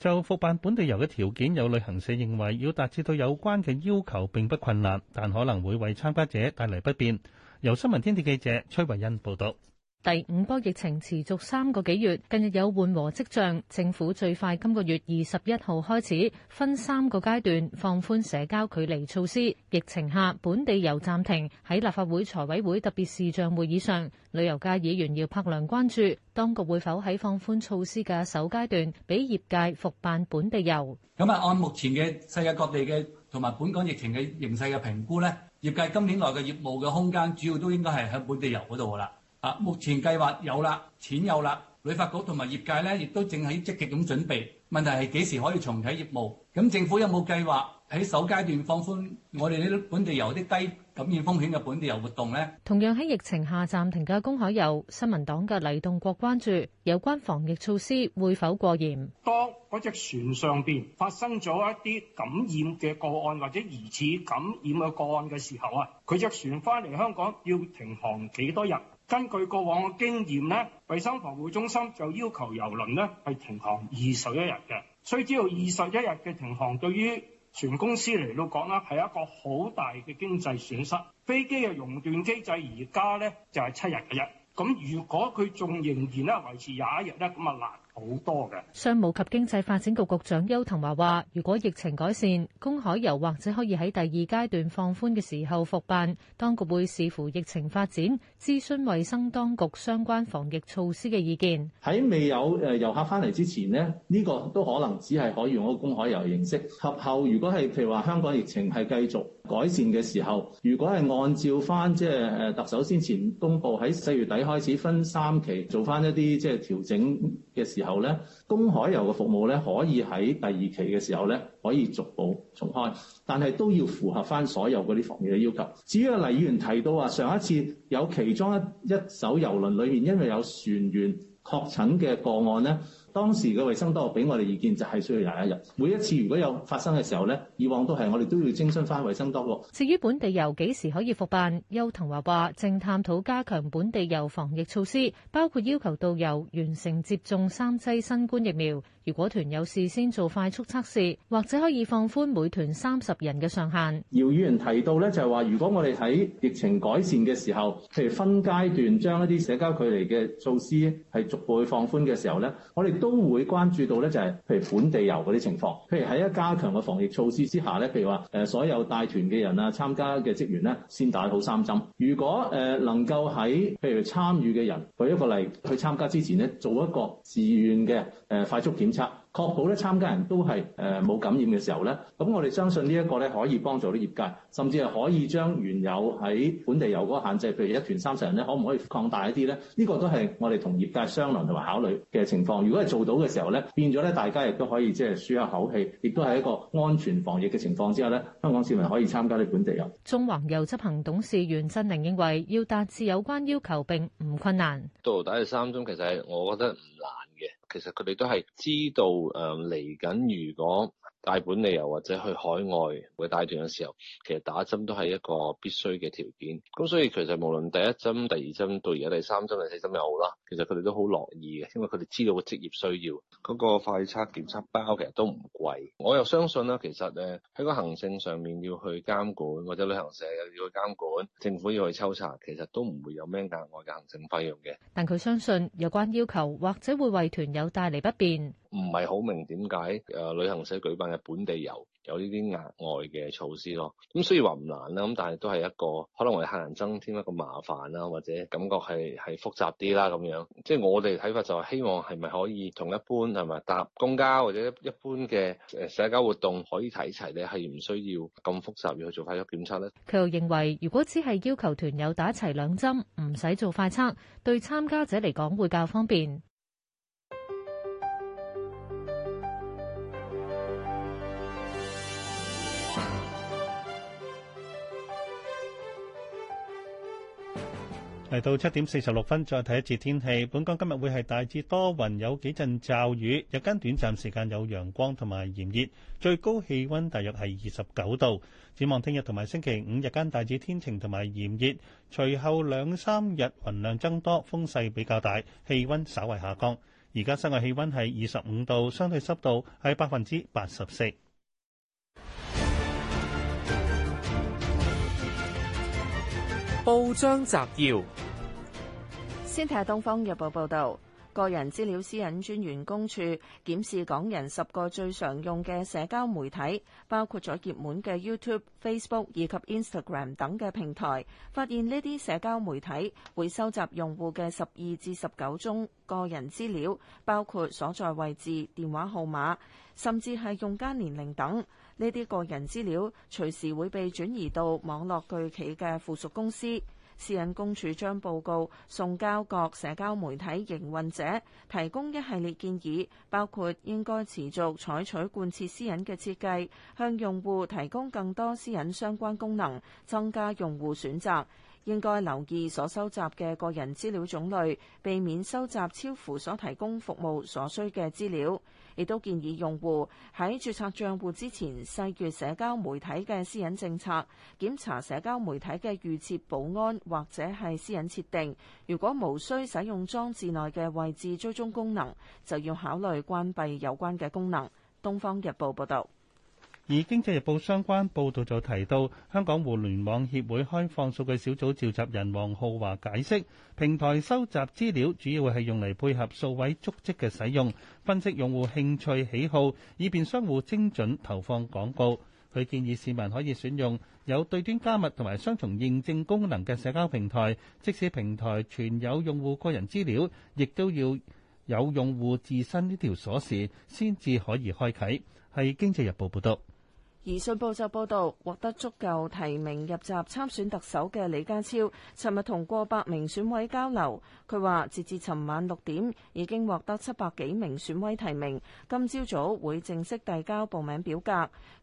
[SPEAKER 4] 就復辦本地遊嘅條件，有旅行社認為要達至到有關嘅要求並不困難，但可能會為參加者帶嚟不便。由新聞天地記者崔維欣報導。
[SPEAKER 11] 第五波疫情持續三個幾月，近日有緩和跡象。政府最快今個月二十一號開始，分三個階段放寬社交距離措施。疫情下本地遊暫停。喺立法會財委會特別視像會議上，旅遊界議員姚柏良關注，當局會否喺放寬措施嘅首階段，俾業界復辦本地遊？
[SPEAKER 22] 咁啊，按目前嘅世界各地嘅同埋本港疫情嘅形勢嘅評估呢？業界今年內嘅業務嘅空間，主要都應該係喺本地遊嗰度噶啦。啊，目前計劃有啦，錢有啦，旅發局同埋業界咧，亦都正喺積極咁準備。問題係幾時可以重啟業務？咁政府有冇計劃喺首階段放寬我哋呢啲本地遊啲低感染風險嘅本地遊活動呢？
[SPEAKER 11] 同樣喺疫情下暫停嘅公海遊，新聞黨嘅黎棟國關注有關防疫措施會否過嚴？
[SPEAKER 7] 當嗰隻船上邊發生咗一啲感染嘅個案或者疑似感染嘅個案嘅時候啊，佢隻船返嚟香港要停航幾多日？根據過往嘅經驗咧，衞生防護中心就要求遊輪咧係停航二十一日嘅。所以只要二十一日嘅停航對於全公司嚟到講啦，係一個好大嘅經濟損失。飛機嘅熔斷機制而家咧就係七日一日，咁如果佢仲仍然咧維持廿一日咧，咁啊難。好多嘅，
[SPEAKER 11] 商務及經濟發展局局長邱騰華話，如果疫情改善，公海遊或者可以喺第二階段放寬嘅時候復辦，當局會視乎疫情發展，諮詢衛生當局相關防疫措施嘅意見。
[SPEAKER 22] 喺未有誒遊客翻嚟之前咧，呢、呢個都可能只係可以用一個公海遊形式。合後，如果係譬如話香港疫情係繼續改善嘅時候，如果係按照翻即係誒特首先前公布喺四月底開始分三期做翻一啲即係調整嘅時候。後咧，公海遊嘅服務咧，可以喺第二期嘅時候咧，可以逐步重開，但係都要符合翻所有嗰啲防疫嘅要求。至於黎議員提到話，上一次有其中一一艘郵輪裏面，因為有船員確診嘅個案咧。當時嘅衞生當局俾我哋意見，就係需要廿一日。每一次如果有發生嘅時候咧，以往都係我哋都要徵詢返衞生當局。
[SPEAKER 11] 至於本地遊幾時可以復辦，邱騰華話正探討加強本地遊防疫措施，包括要求導遊完成接種三劑新冠疫苗。如果團友事先做快速測試，或者可以放寬每團三十人嘅上限。
[SPEAKER 22] 姚議員提到咧，就係話，如果我哋喺疫情改善嘅時候，譬如分階段將一啲社交距離嘅措施係逐步去放寬嘅時候咧，我哋都會關注到咧，就係譬如本地遊嗰啲情況，譬如喺一加強嘅防疫措施之下咧，譬如話誒所有帶團嘅人啊、參加嘅職員咧，先打好三針，如果誒能夠喺譬如參與嘅人，舉一個例去參加之前咧，做一個自願嘅誒快速檢。確保咧參加人都係誒冇感染嘅時候咧，咁我哋相信呢一個咧，可以幫助啲業界，甚至係可以將原有喺本地遊嗰個限制，譬如一團三十人咧，可唔可以擴大一啲咧？呢、呢個都係我哋同業界商量同埋考慮嘅情況。如果係做到嘅時候咧，變咗咧，大家亦都可以即係舒一口氣，亦都係一個安全防疫嘅情況之下咧，香港市民可以
[SPEAKER 16] 參加啲本地遊。
[SPEAKER 11] 中環遊執行董事袁振寧認為，要達至有關要求並唔困難。
[SPEAKER 16] 到底三中其實我覺得唔難。其實，佢哋都係知道，誒、嗯，嚟緊如果。帶本地遊或者去海外會帶團嘅時候，其實打針都係一個必須嘅條件。咁所以其實無論第一針、第二針到而家第三針、第四針又好啦，其實佢哋都好樂意嘅，因為佢哋知道個職業需要嗰個快測檢測包其實都唔貴。我又相信啦，其實咧喺個行政上面要去監管或者旅行社要去監管，政府要去抽查，其實都唔會有咩額外嘅行政費用嘅。
[SPEAKER 11] 但佢相信有關要求或者會為團友帶嚟不便。唔
[SPEAKER 16] 係好明點解誒旅行社舉辦嘅本地遊有呢啲額外嘅措施咯。咁雖然話唔難啦，咁但係都係一個可能為客人增添一個麻煩啦，或者感覺係係複雜啲啦咁樣。即係我哋睇法就係希望係咪可以同一般係咪搭公交或者一一般嘅社交活動可以睇齊咧，係唔需要咁複雜要去做快速檢測咧。
[SPEAKER 11] 佢又認為，如果只係要求團友打齊兩針，唔使做快測，對參加者嚟講會較方便。
[SPEAKER 4] 嚟到七點四十六分，再睇一次天氣。本港今日會係大致多雲，有幾陣驟雨，日間短暫時間有陽光同埋炎熱，最高氣温大約係二十九度。展望聽日同埋星期五日間大致天晴同埋炎熱，隨後兩三日雲量增多，風勢比較大，氣温稍為下降。而家室外氣温係二十五度，相對濕度係百分之八十四。
[SPEAKER 11] 報
[SPEAKER 13] 章摘要。
[SPEAKER 3] 先睇下《東方日報》報道，個人資料私隱專員公署檢視港人十個最常用嘅社交媒體，包括咗熱門嘅 YouTube、Facebook 以及 Instagram 等嘅平台，發現呢啲社交媒體會收集用戶嘅十二至十九宗個人資料，包括所在位置、電話號碼，甚至係用家年齡等。呢啲個人資料隨時會被轉移到網絡巨企嘅附屬公司。私隱公署將報告送交各社交媒體營運者，提供一系列建議，包括應該持續採取貫徹私隱嘅設計，向用戶提供更多私隱相關功能，增加用戶選擇。應該留意所收集嘅個人資料種類，避免收集超乎所提供服務所需嘅資料。亦都建議用戶喺註冊賬戶之前，細閱社交媒體嘅私隱政策，檢查社交媒體嘅預設保安，或者係私隱設定。如果無需使用裝置內嘅位置追蹤功能，就要考慮關閉有關嘅功能。《東方日報》報道。
[SPEAKER 4] 而《經濟日報》相關報道就提到，香港互聯網協會開放數據小組召集人黃浩華解釋，平台收集資料主要係用嚟配合數位足跡嘅使用，分析用戶興趣喜好，以便商戶精準投放廣告。佢建議市民可以選用有對端加密同埋雙重認證功能嘅社交平台，即使平台存有用戶個人資料，亦都要有用戶自身呢條鎖匙先至可以開啓。係《經濟日報》報道。
[SPEAKER 3] 而《信報》就報導，獲得足夠提名入閘參選特首嘅李家超，尋日同過百名選委交流。佢話：截至尋晚六點，已經獲得七百幾名選委提名，今朝早會正式遞交報名表格。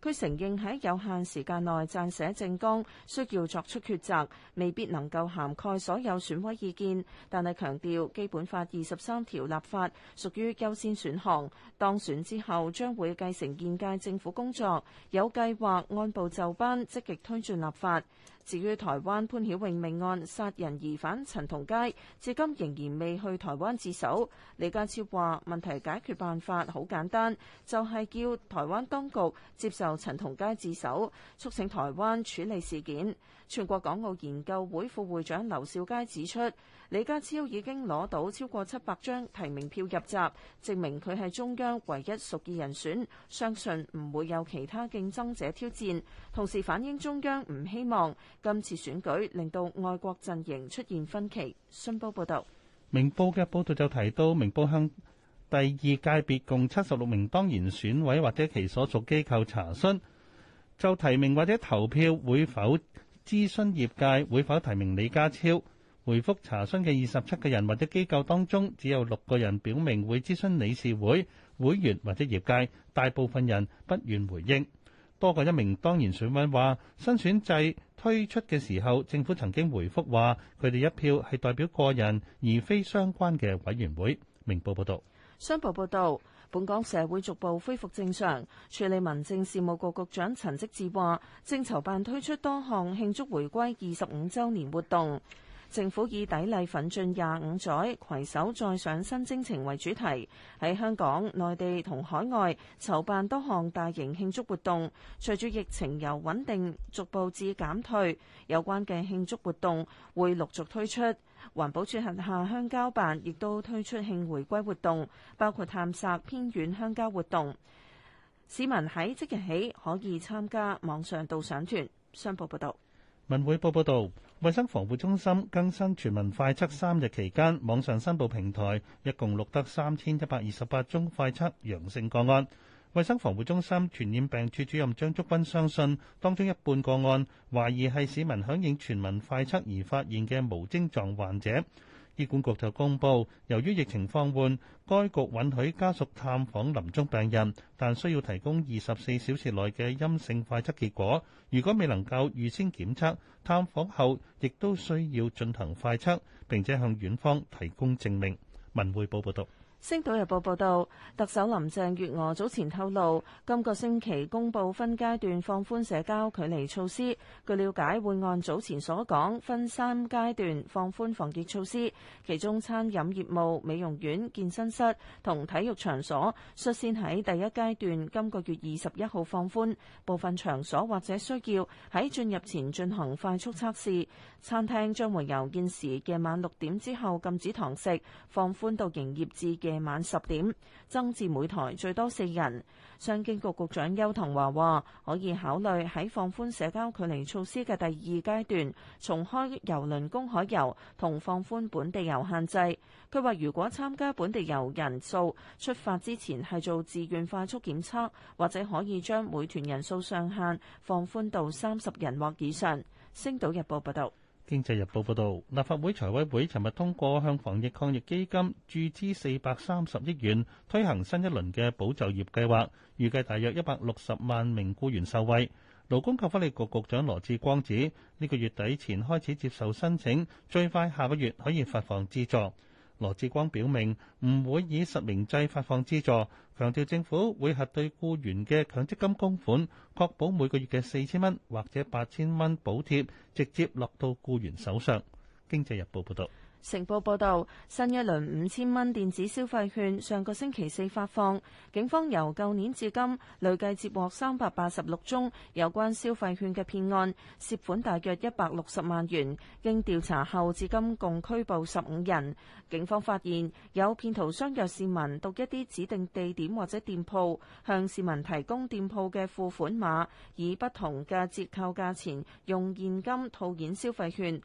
[SPEAKER 3] 佢承認喺有限時間內撰寫政綱，需要作出抉擇，未必能夠涵蓋所有選委意見，但係強調《基本法》二十三條立法屬於優先選項。當選之後將會繼承現屆政府工作，有。計劃按部就班，積極推進立法。至於台灣潘曉穎命案殺人疑犯陳同佳，至今仍然未去台灣自首。李家超話：問題解決辦法好簡單，就係、是、叫台灣當局接受陳同佳自首，促請台灣處理事件。全國港澳研究會副會長劉兆佳指出。李家超已經攞到超過七百張提名票入閘，證明佢係中央唯一屬意人選，相信唔會有其他競爭者挑戰。同時反映中央唔希望今次選舉令到外國陣營出現分歧。信報報導，
[SPEAKER 4] 明報嘅報導就提到，明報向第二界別共七十六名當然選委或者其所屬機構查詢，就提名或者投票會否諮詢業界，會否提名李家超。回覆查詢嘅二十七個人或者機構當中，只有六個人表明會諮詢理事會會員或者業界，大部分人不願回應。多過一名當然選委話，新選制推出嘅時候，政府曾經回覆話，佢哋一票係代表個人，而非相關嘅委員會。明報報道。
[SPEAKER 3] 商報報道，本港社會逐步恢復正常。處理民政事務局局長陳積志話，正籌辦推出多項慶祝回歸二十五週年活動。政府以砥礪奮進廿五載、攜手再上新征程為主題，喺香港、內地同海外籌辦多項大型慶祝活動。隨住疫情由穩定逐步至減退，有關嘅慶祝活動會陸續推出。環保署轄下鄉郊辦亦都推出慶回歸活動，包括探索偏遠鄉郊活動。市民喺即日起可以參加網上導賞團。商報報道。
[SPEAKER 4] 文匯報報道。衛生防護中心更新全民快測三日期間，網上申報平台一共錄得三千一百二十八宗快測陽性個案。衛生防護中心傳染病處主任張竹君相信，當中一半個案懷疑係市民響應全民快測而發現嘅無症狀患者。醫管局就公布，由於疫情放緩，該局允許家屬探訪臨終病人，但需要提供二十四小時內嘅陰性快測結果。如果未能夠預先檢測，探訪後亦都需要進行快測，並且向院方提供證明。文匯報報道。
[SPEAKER 3] 《星島日報》報導，特首林鄭月娥早前透露，今個星期公布分階段放寬社交距離措施。據了解，會按早前所講，分三階段放寬防疫措施。其中，餐飲業務、美容院、健身室同體育場所，率先喺第一階段今個月二十一號放寬。部分場所或者需要喺進入前進行快速測試。餐廳將會由現時嘅晚六點之後禁止堂食，放寬到營業至嘅夜晚十點，增至每台最多四人。商經局局長邱騰華話：可以考慮喺放寬社交距離措施嘅第二階段，重開郵輪公海遊同放寬本地遊限制。佢話：如果參加本地遊人數出發之前係做自願快速檢測，或者可以將每團人數上限放寬到三十人或以上。星島日報報道。
[SPEAKER 4] 經濟日報報導，立法會財委會尋日通過向防疫抗疫基金注資四百三十億元，推行新一輪嘅保就業計劃，預計大約一百六十萬名僱員受惠。勞工及福利局局長羅志光指，呢個月底前開始接受申請，最快下個月可以發放資助。羅志光表明唔會以實名制發放資助。強調政府會核對僱員嘅強積金供款，確保每個月嘅四千蚊或者八千蚊補貼直接落到僱員手上。經濟日報報道。
[SPEAKER 3] 成報報導，新一輪五千蚊電子消費券上個星期四發放。警方由舊年至今累計接獲三百八十六宗有關消費券嘅騙案，涉款大約一百六十萬元。經調查後，至今共拘捕十五人。警方發現有騙徒相約市民到一啲指定地點或者店鋪，向市民提供店鋪嘅付款碼，以不同嘅折扣價錢用現金套現消費券。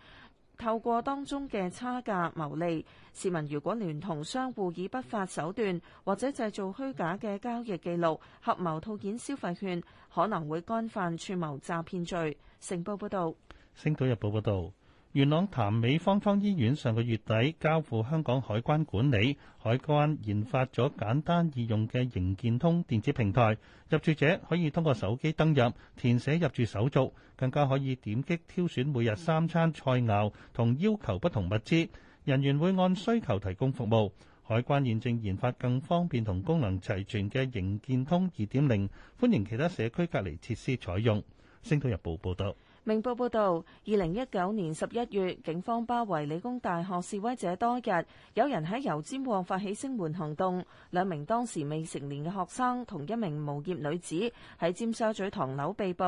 [SPEAKER 3] 透過當中嘅差價牟利，市民如果聯同商戶以不法手段或者製造虛假嘅交易記錄合謀套件消費券，可能會干犯串謀詐騙罪。成報報道。
[SPEAKER 4] 《星島日報》報道。元朗潭尾方艙醫院上個月底交付香港海關管理，海關研發咗簡單易用的營建通電子平台，入住者可以通過手機登入填寫入住手續，更加可以點擊挑選每日三餐菜餚同要求不同物資，人員會按需求提供服務。海關現正研發更方便同功能齊全的營建通2 0，歡迎其他社區隔離設施採用。星島日報報道。
[SPEAKER 3] 明報報導，二零一九年十一月，警方包圍理工大學示威者多日，有人喺油尖旺發起聲援行動，兩名當時未成年嘅學生同一名無業女子喺尖沙咀唐樓被捕。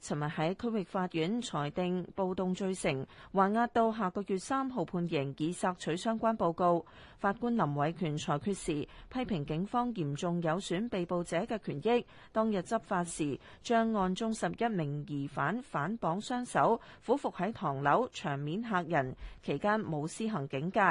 [SPEAKER 3] 尋日喺區域法院裁定暴動罪成，還押到下個月三號判刑，以索取相關報告。法官林偉權裁決時，批評警方嚴重有損被捕者嘅權益。當日執法時，將案中十一名疑犯反綁。雙手俯伏喺唐樓，場面嚇人。期間冇施行警戒。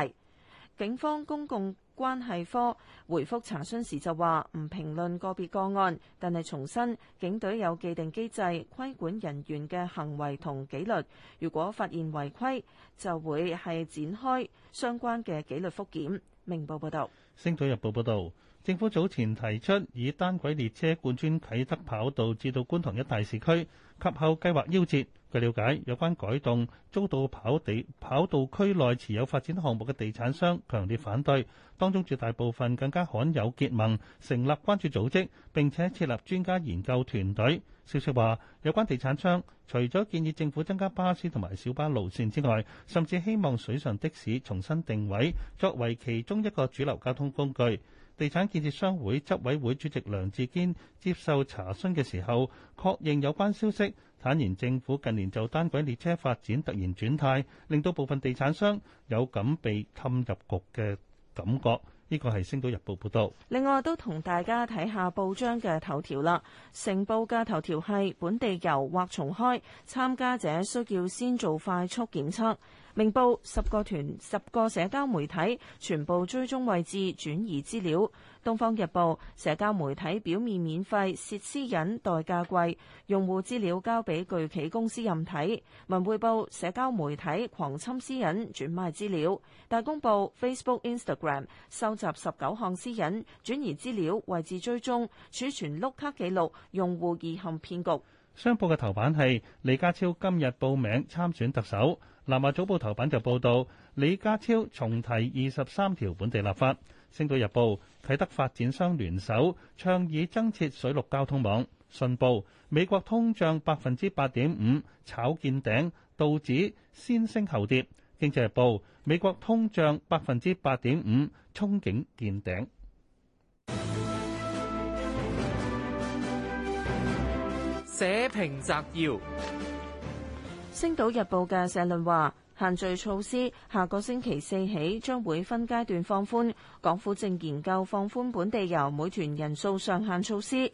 [SPEAKER 3] 警方公共關係科回復查詢時就話：唔評論個別個案，但係重申警隊有既定機制規管人員嘅行為同紀律。如果發現違規，就會係展開相關嘅紀律復檢。明報報道，
[SPEAKER 4] 星島日報報道，政府早前提出以單軌列車貫穿啟德跑道至到觀塘一帶市區，及後計劃夭折。據了解，有關改動遭到跑地跑道區內持有發展項目嘅地產商強烈反對，當中絕大部分更加罕有結盟，成立關注組織，並且設立專家研究團隊。消息話，有關地產商除咗建議政府增加巴士同埋小巴路線之外，甚至希望水上的士重新定位作為其中一個主流交通工具。地產建設商會執委會主席梁志堅接受查詢嘅時候，確認有關消息。坦言政府近年就單軌列車發展突然轉態，令到部分地產商有感被氹入局嘅感覺，呢、這個係星島日報報道。
[SPEAKER 3] 另外，都同大家睇下報章嘅頭條啦。成報嘅頭條係本地遊或重開，參加者需要先做快速檢測。明報十個團、十個社交媒體全部追蹤位置轉移資料。東方日報社交媒體表面免費涉私隱，代價貴，用戶資料交俾巨企公司任睇。文匯報社交媒體狂侵私隱，轉賣資料。大公報 Facebook、book, Instagram 收集十九項私隱轉移資料、位置追蹤、儲存碌卡記錄，用戶易陷騙,騙局。
[SPEAKER 4] 商報嘅頭版係李家超今日報名參選特首。南華早報頭版就報道李家超重提二十三條本地立法。星島日報啟德發展商聯手倡議增設水陸交通網。信報美國通脹百分之八點五炒見頂，道指先升後跌。經濟日報美國通脹百分之八點五憧憬見頂。
[SPEAKER 6] 社評摘要。
[SPEAKER 3] 《星島日報》嘅社論話：限聚措施下個星期四起將會分階段放寬，港府正研究放寬本地遊每團人數上限措施。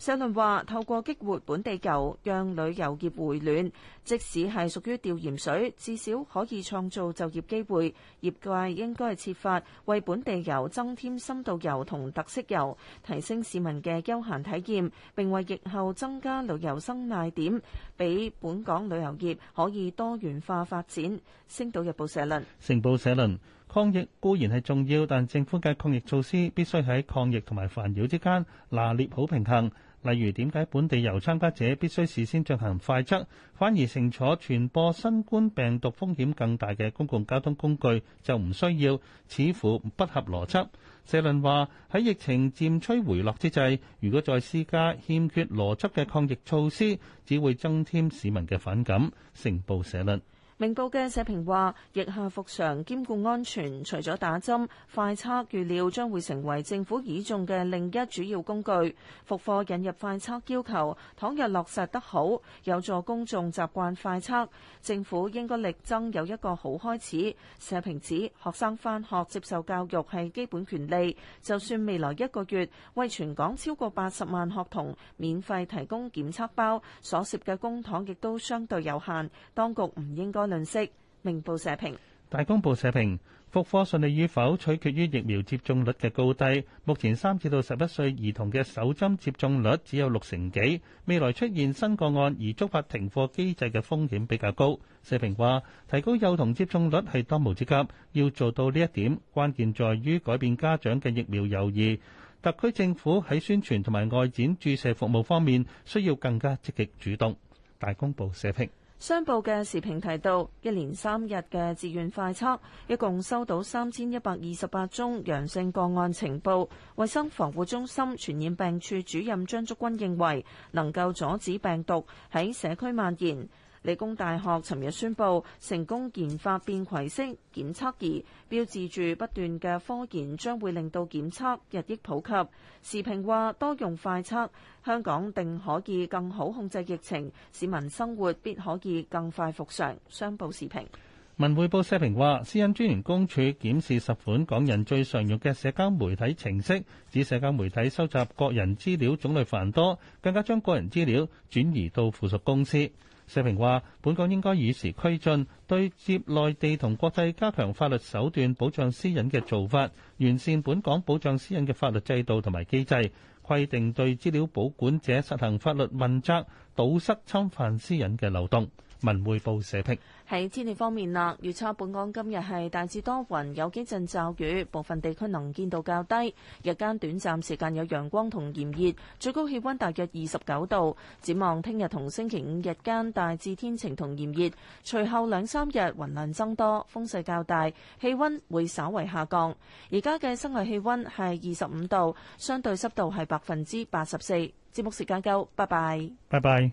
[SPEAKER 3] 社論話，透過激活本地遊，讓旅遊業回暖，即使係屬於調鹽水，至少可以創造就業機會。業界應該係設法為本地遊增添深度遊同特色遊，提升市民嘅休閒體驗，並為疫後增加旅遊新賣點，俾本港旅遊業可以多元化發展。星島日報社論，
[SPEAKER 4] 成報社論。抗疫固然係重要，但政府嘅抗疫措施必須喺抗疫同埋煩擾之間拿捏好平衡。例如點解本地遊參加者必須事先進行快測，反而乘坐傳播新冠病毒風險更大嘅公共交通工具就唔需要，似乎不合邏輯。社論話，喺疫情漸趨回落之際，如果再施加欠缺邏輯嘅抗疫措施，只會增添市民嘅反感。成報社論。
[SPEAKER 3] 明報嘅社評話，疫後復常兼顧安全，除咗打針、快測預料將會成為政府倚重嘅另一主要工具。復課引入快測要求，倘若落實得好，有助公眾習慣快測。政府應該力爭有一個好開始。社評指，學生返學接受教育係基本權利，就算未來一個月為全港超過八十萬學童免費提供檢測包，所涉嘅公帑亦都相對有限，當局唔應該。論色明報社評。
[SPEAKER 4] 大公報社評，復課順利與否取決於疫苗接種率嘅高低。目前三至到十一歲兒童嘅首針接種率只有六成幾，未來出現新個案而觸發停課機制嘅風險比較高。社評話，提高幼童接種率係當務之急，要做到呢一點，關鍵在於改變家長嘅疫苗猶豫。特區政府喺宣傳同埋外展注射服務方面，需要更加積極主動。大公報社評。
[SPEAKER 3] 商報嘅時評提到，一連三日嘅自願快測，一共收到三千一百二十八宗陽性個案情報。衞生防護中心傳染病處主任張竹君認為，能夠阻止病毒喺社區蔓延。理工大學尋日宣布成功研發便攜式檢測儀，標誌住不斷嘅科研將會令到檢測日益普及。時評話：多用快測，香港定可以更好控制疫情，市民生活必可以更快復常。商報時評
[SPEAKER 4] 文匯報社評話：私隱專員公署檢視十款港人最常用嘅社交媒體程式，指社交媒體收集個人資料種類繁多，更加將個人資料轉移到附屬公司。社評話：本港應該與時俱進對接內地同國際，加強法律手段保障私隱嘅做法，完善本港保障私隱嘅法律制度同埋機制，規定對資料保管者實行法律問責，堵塞侵犯私隱嘅漏洞。文匯報社評。
[SPEAKER 3] 喺天氣方面啦，預測本港今日係大致多雲，有幾陣驟雨，部分地區能見度較低。日間短暫時間有陽光同炎熱，最高氣溫大約二十九度。展望聽日同星期五日間大致天晴同炎熱，隨後兩三日雲量增多，風勢較大，氣溫會稍為下降。而家嘅室外氣溫係二十五度，相對濕度係百分之八十四。節目時間夠，拜拜。
[SPEAKER 4] 拜拜。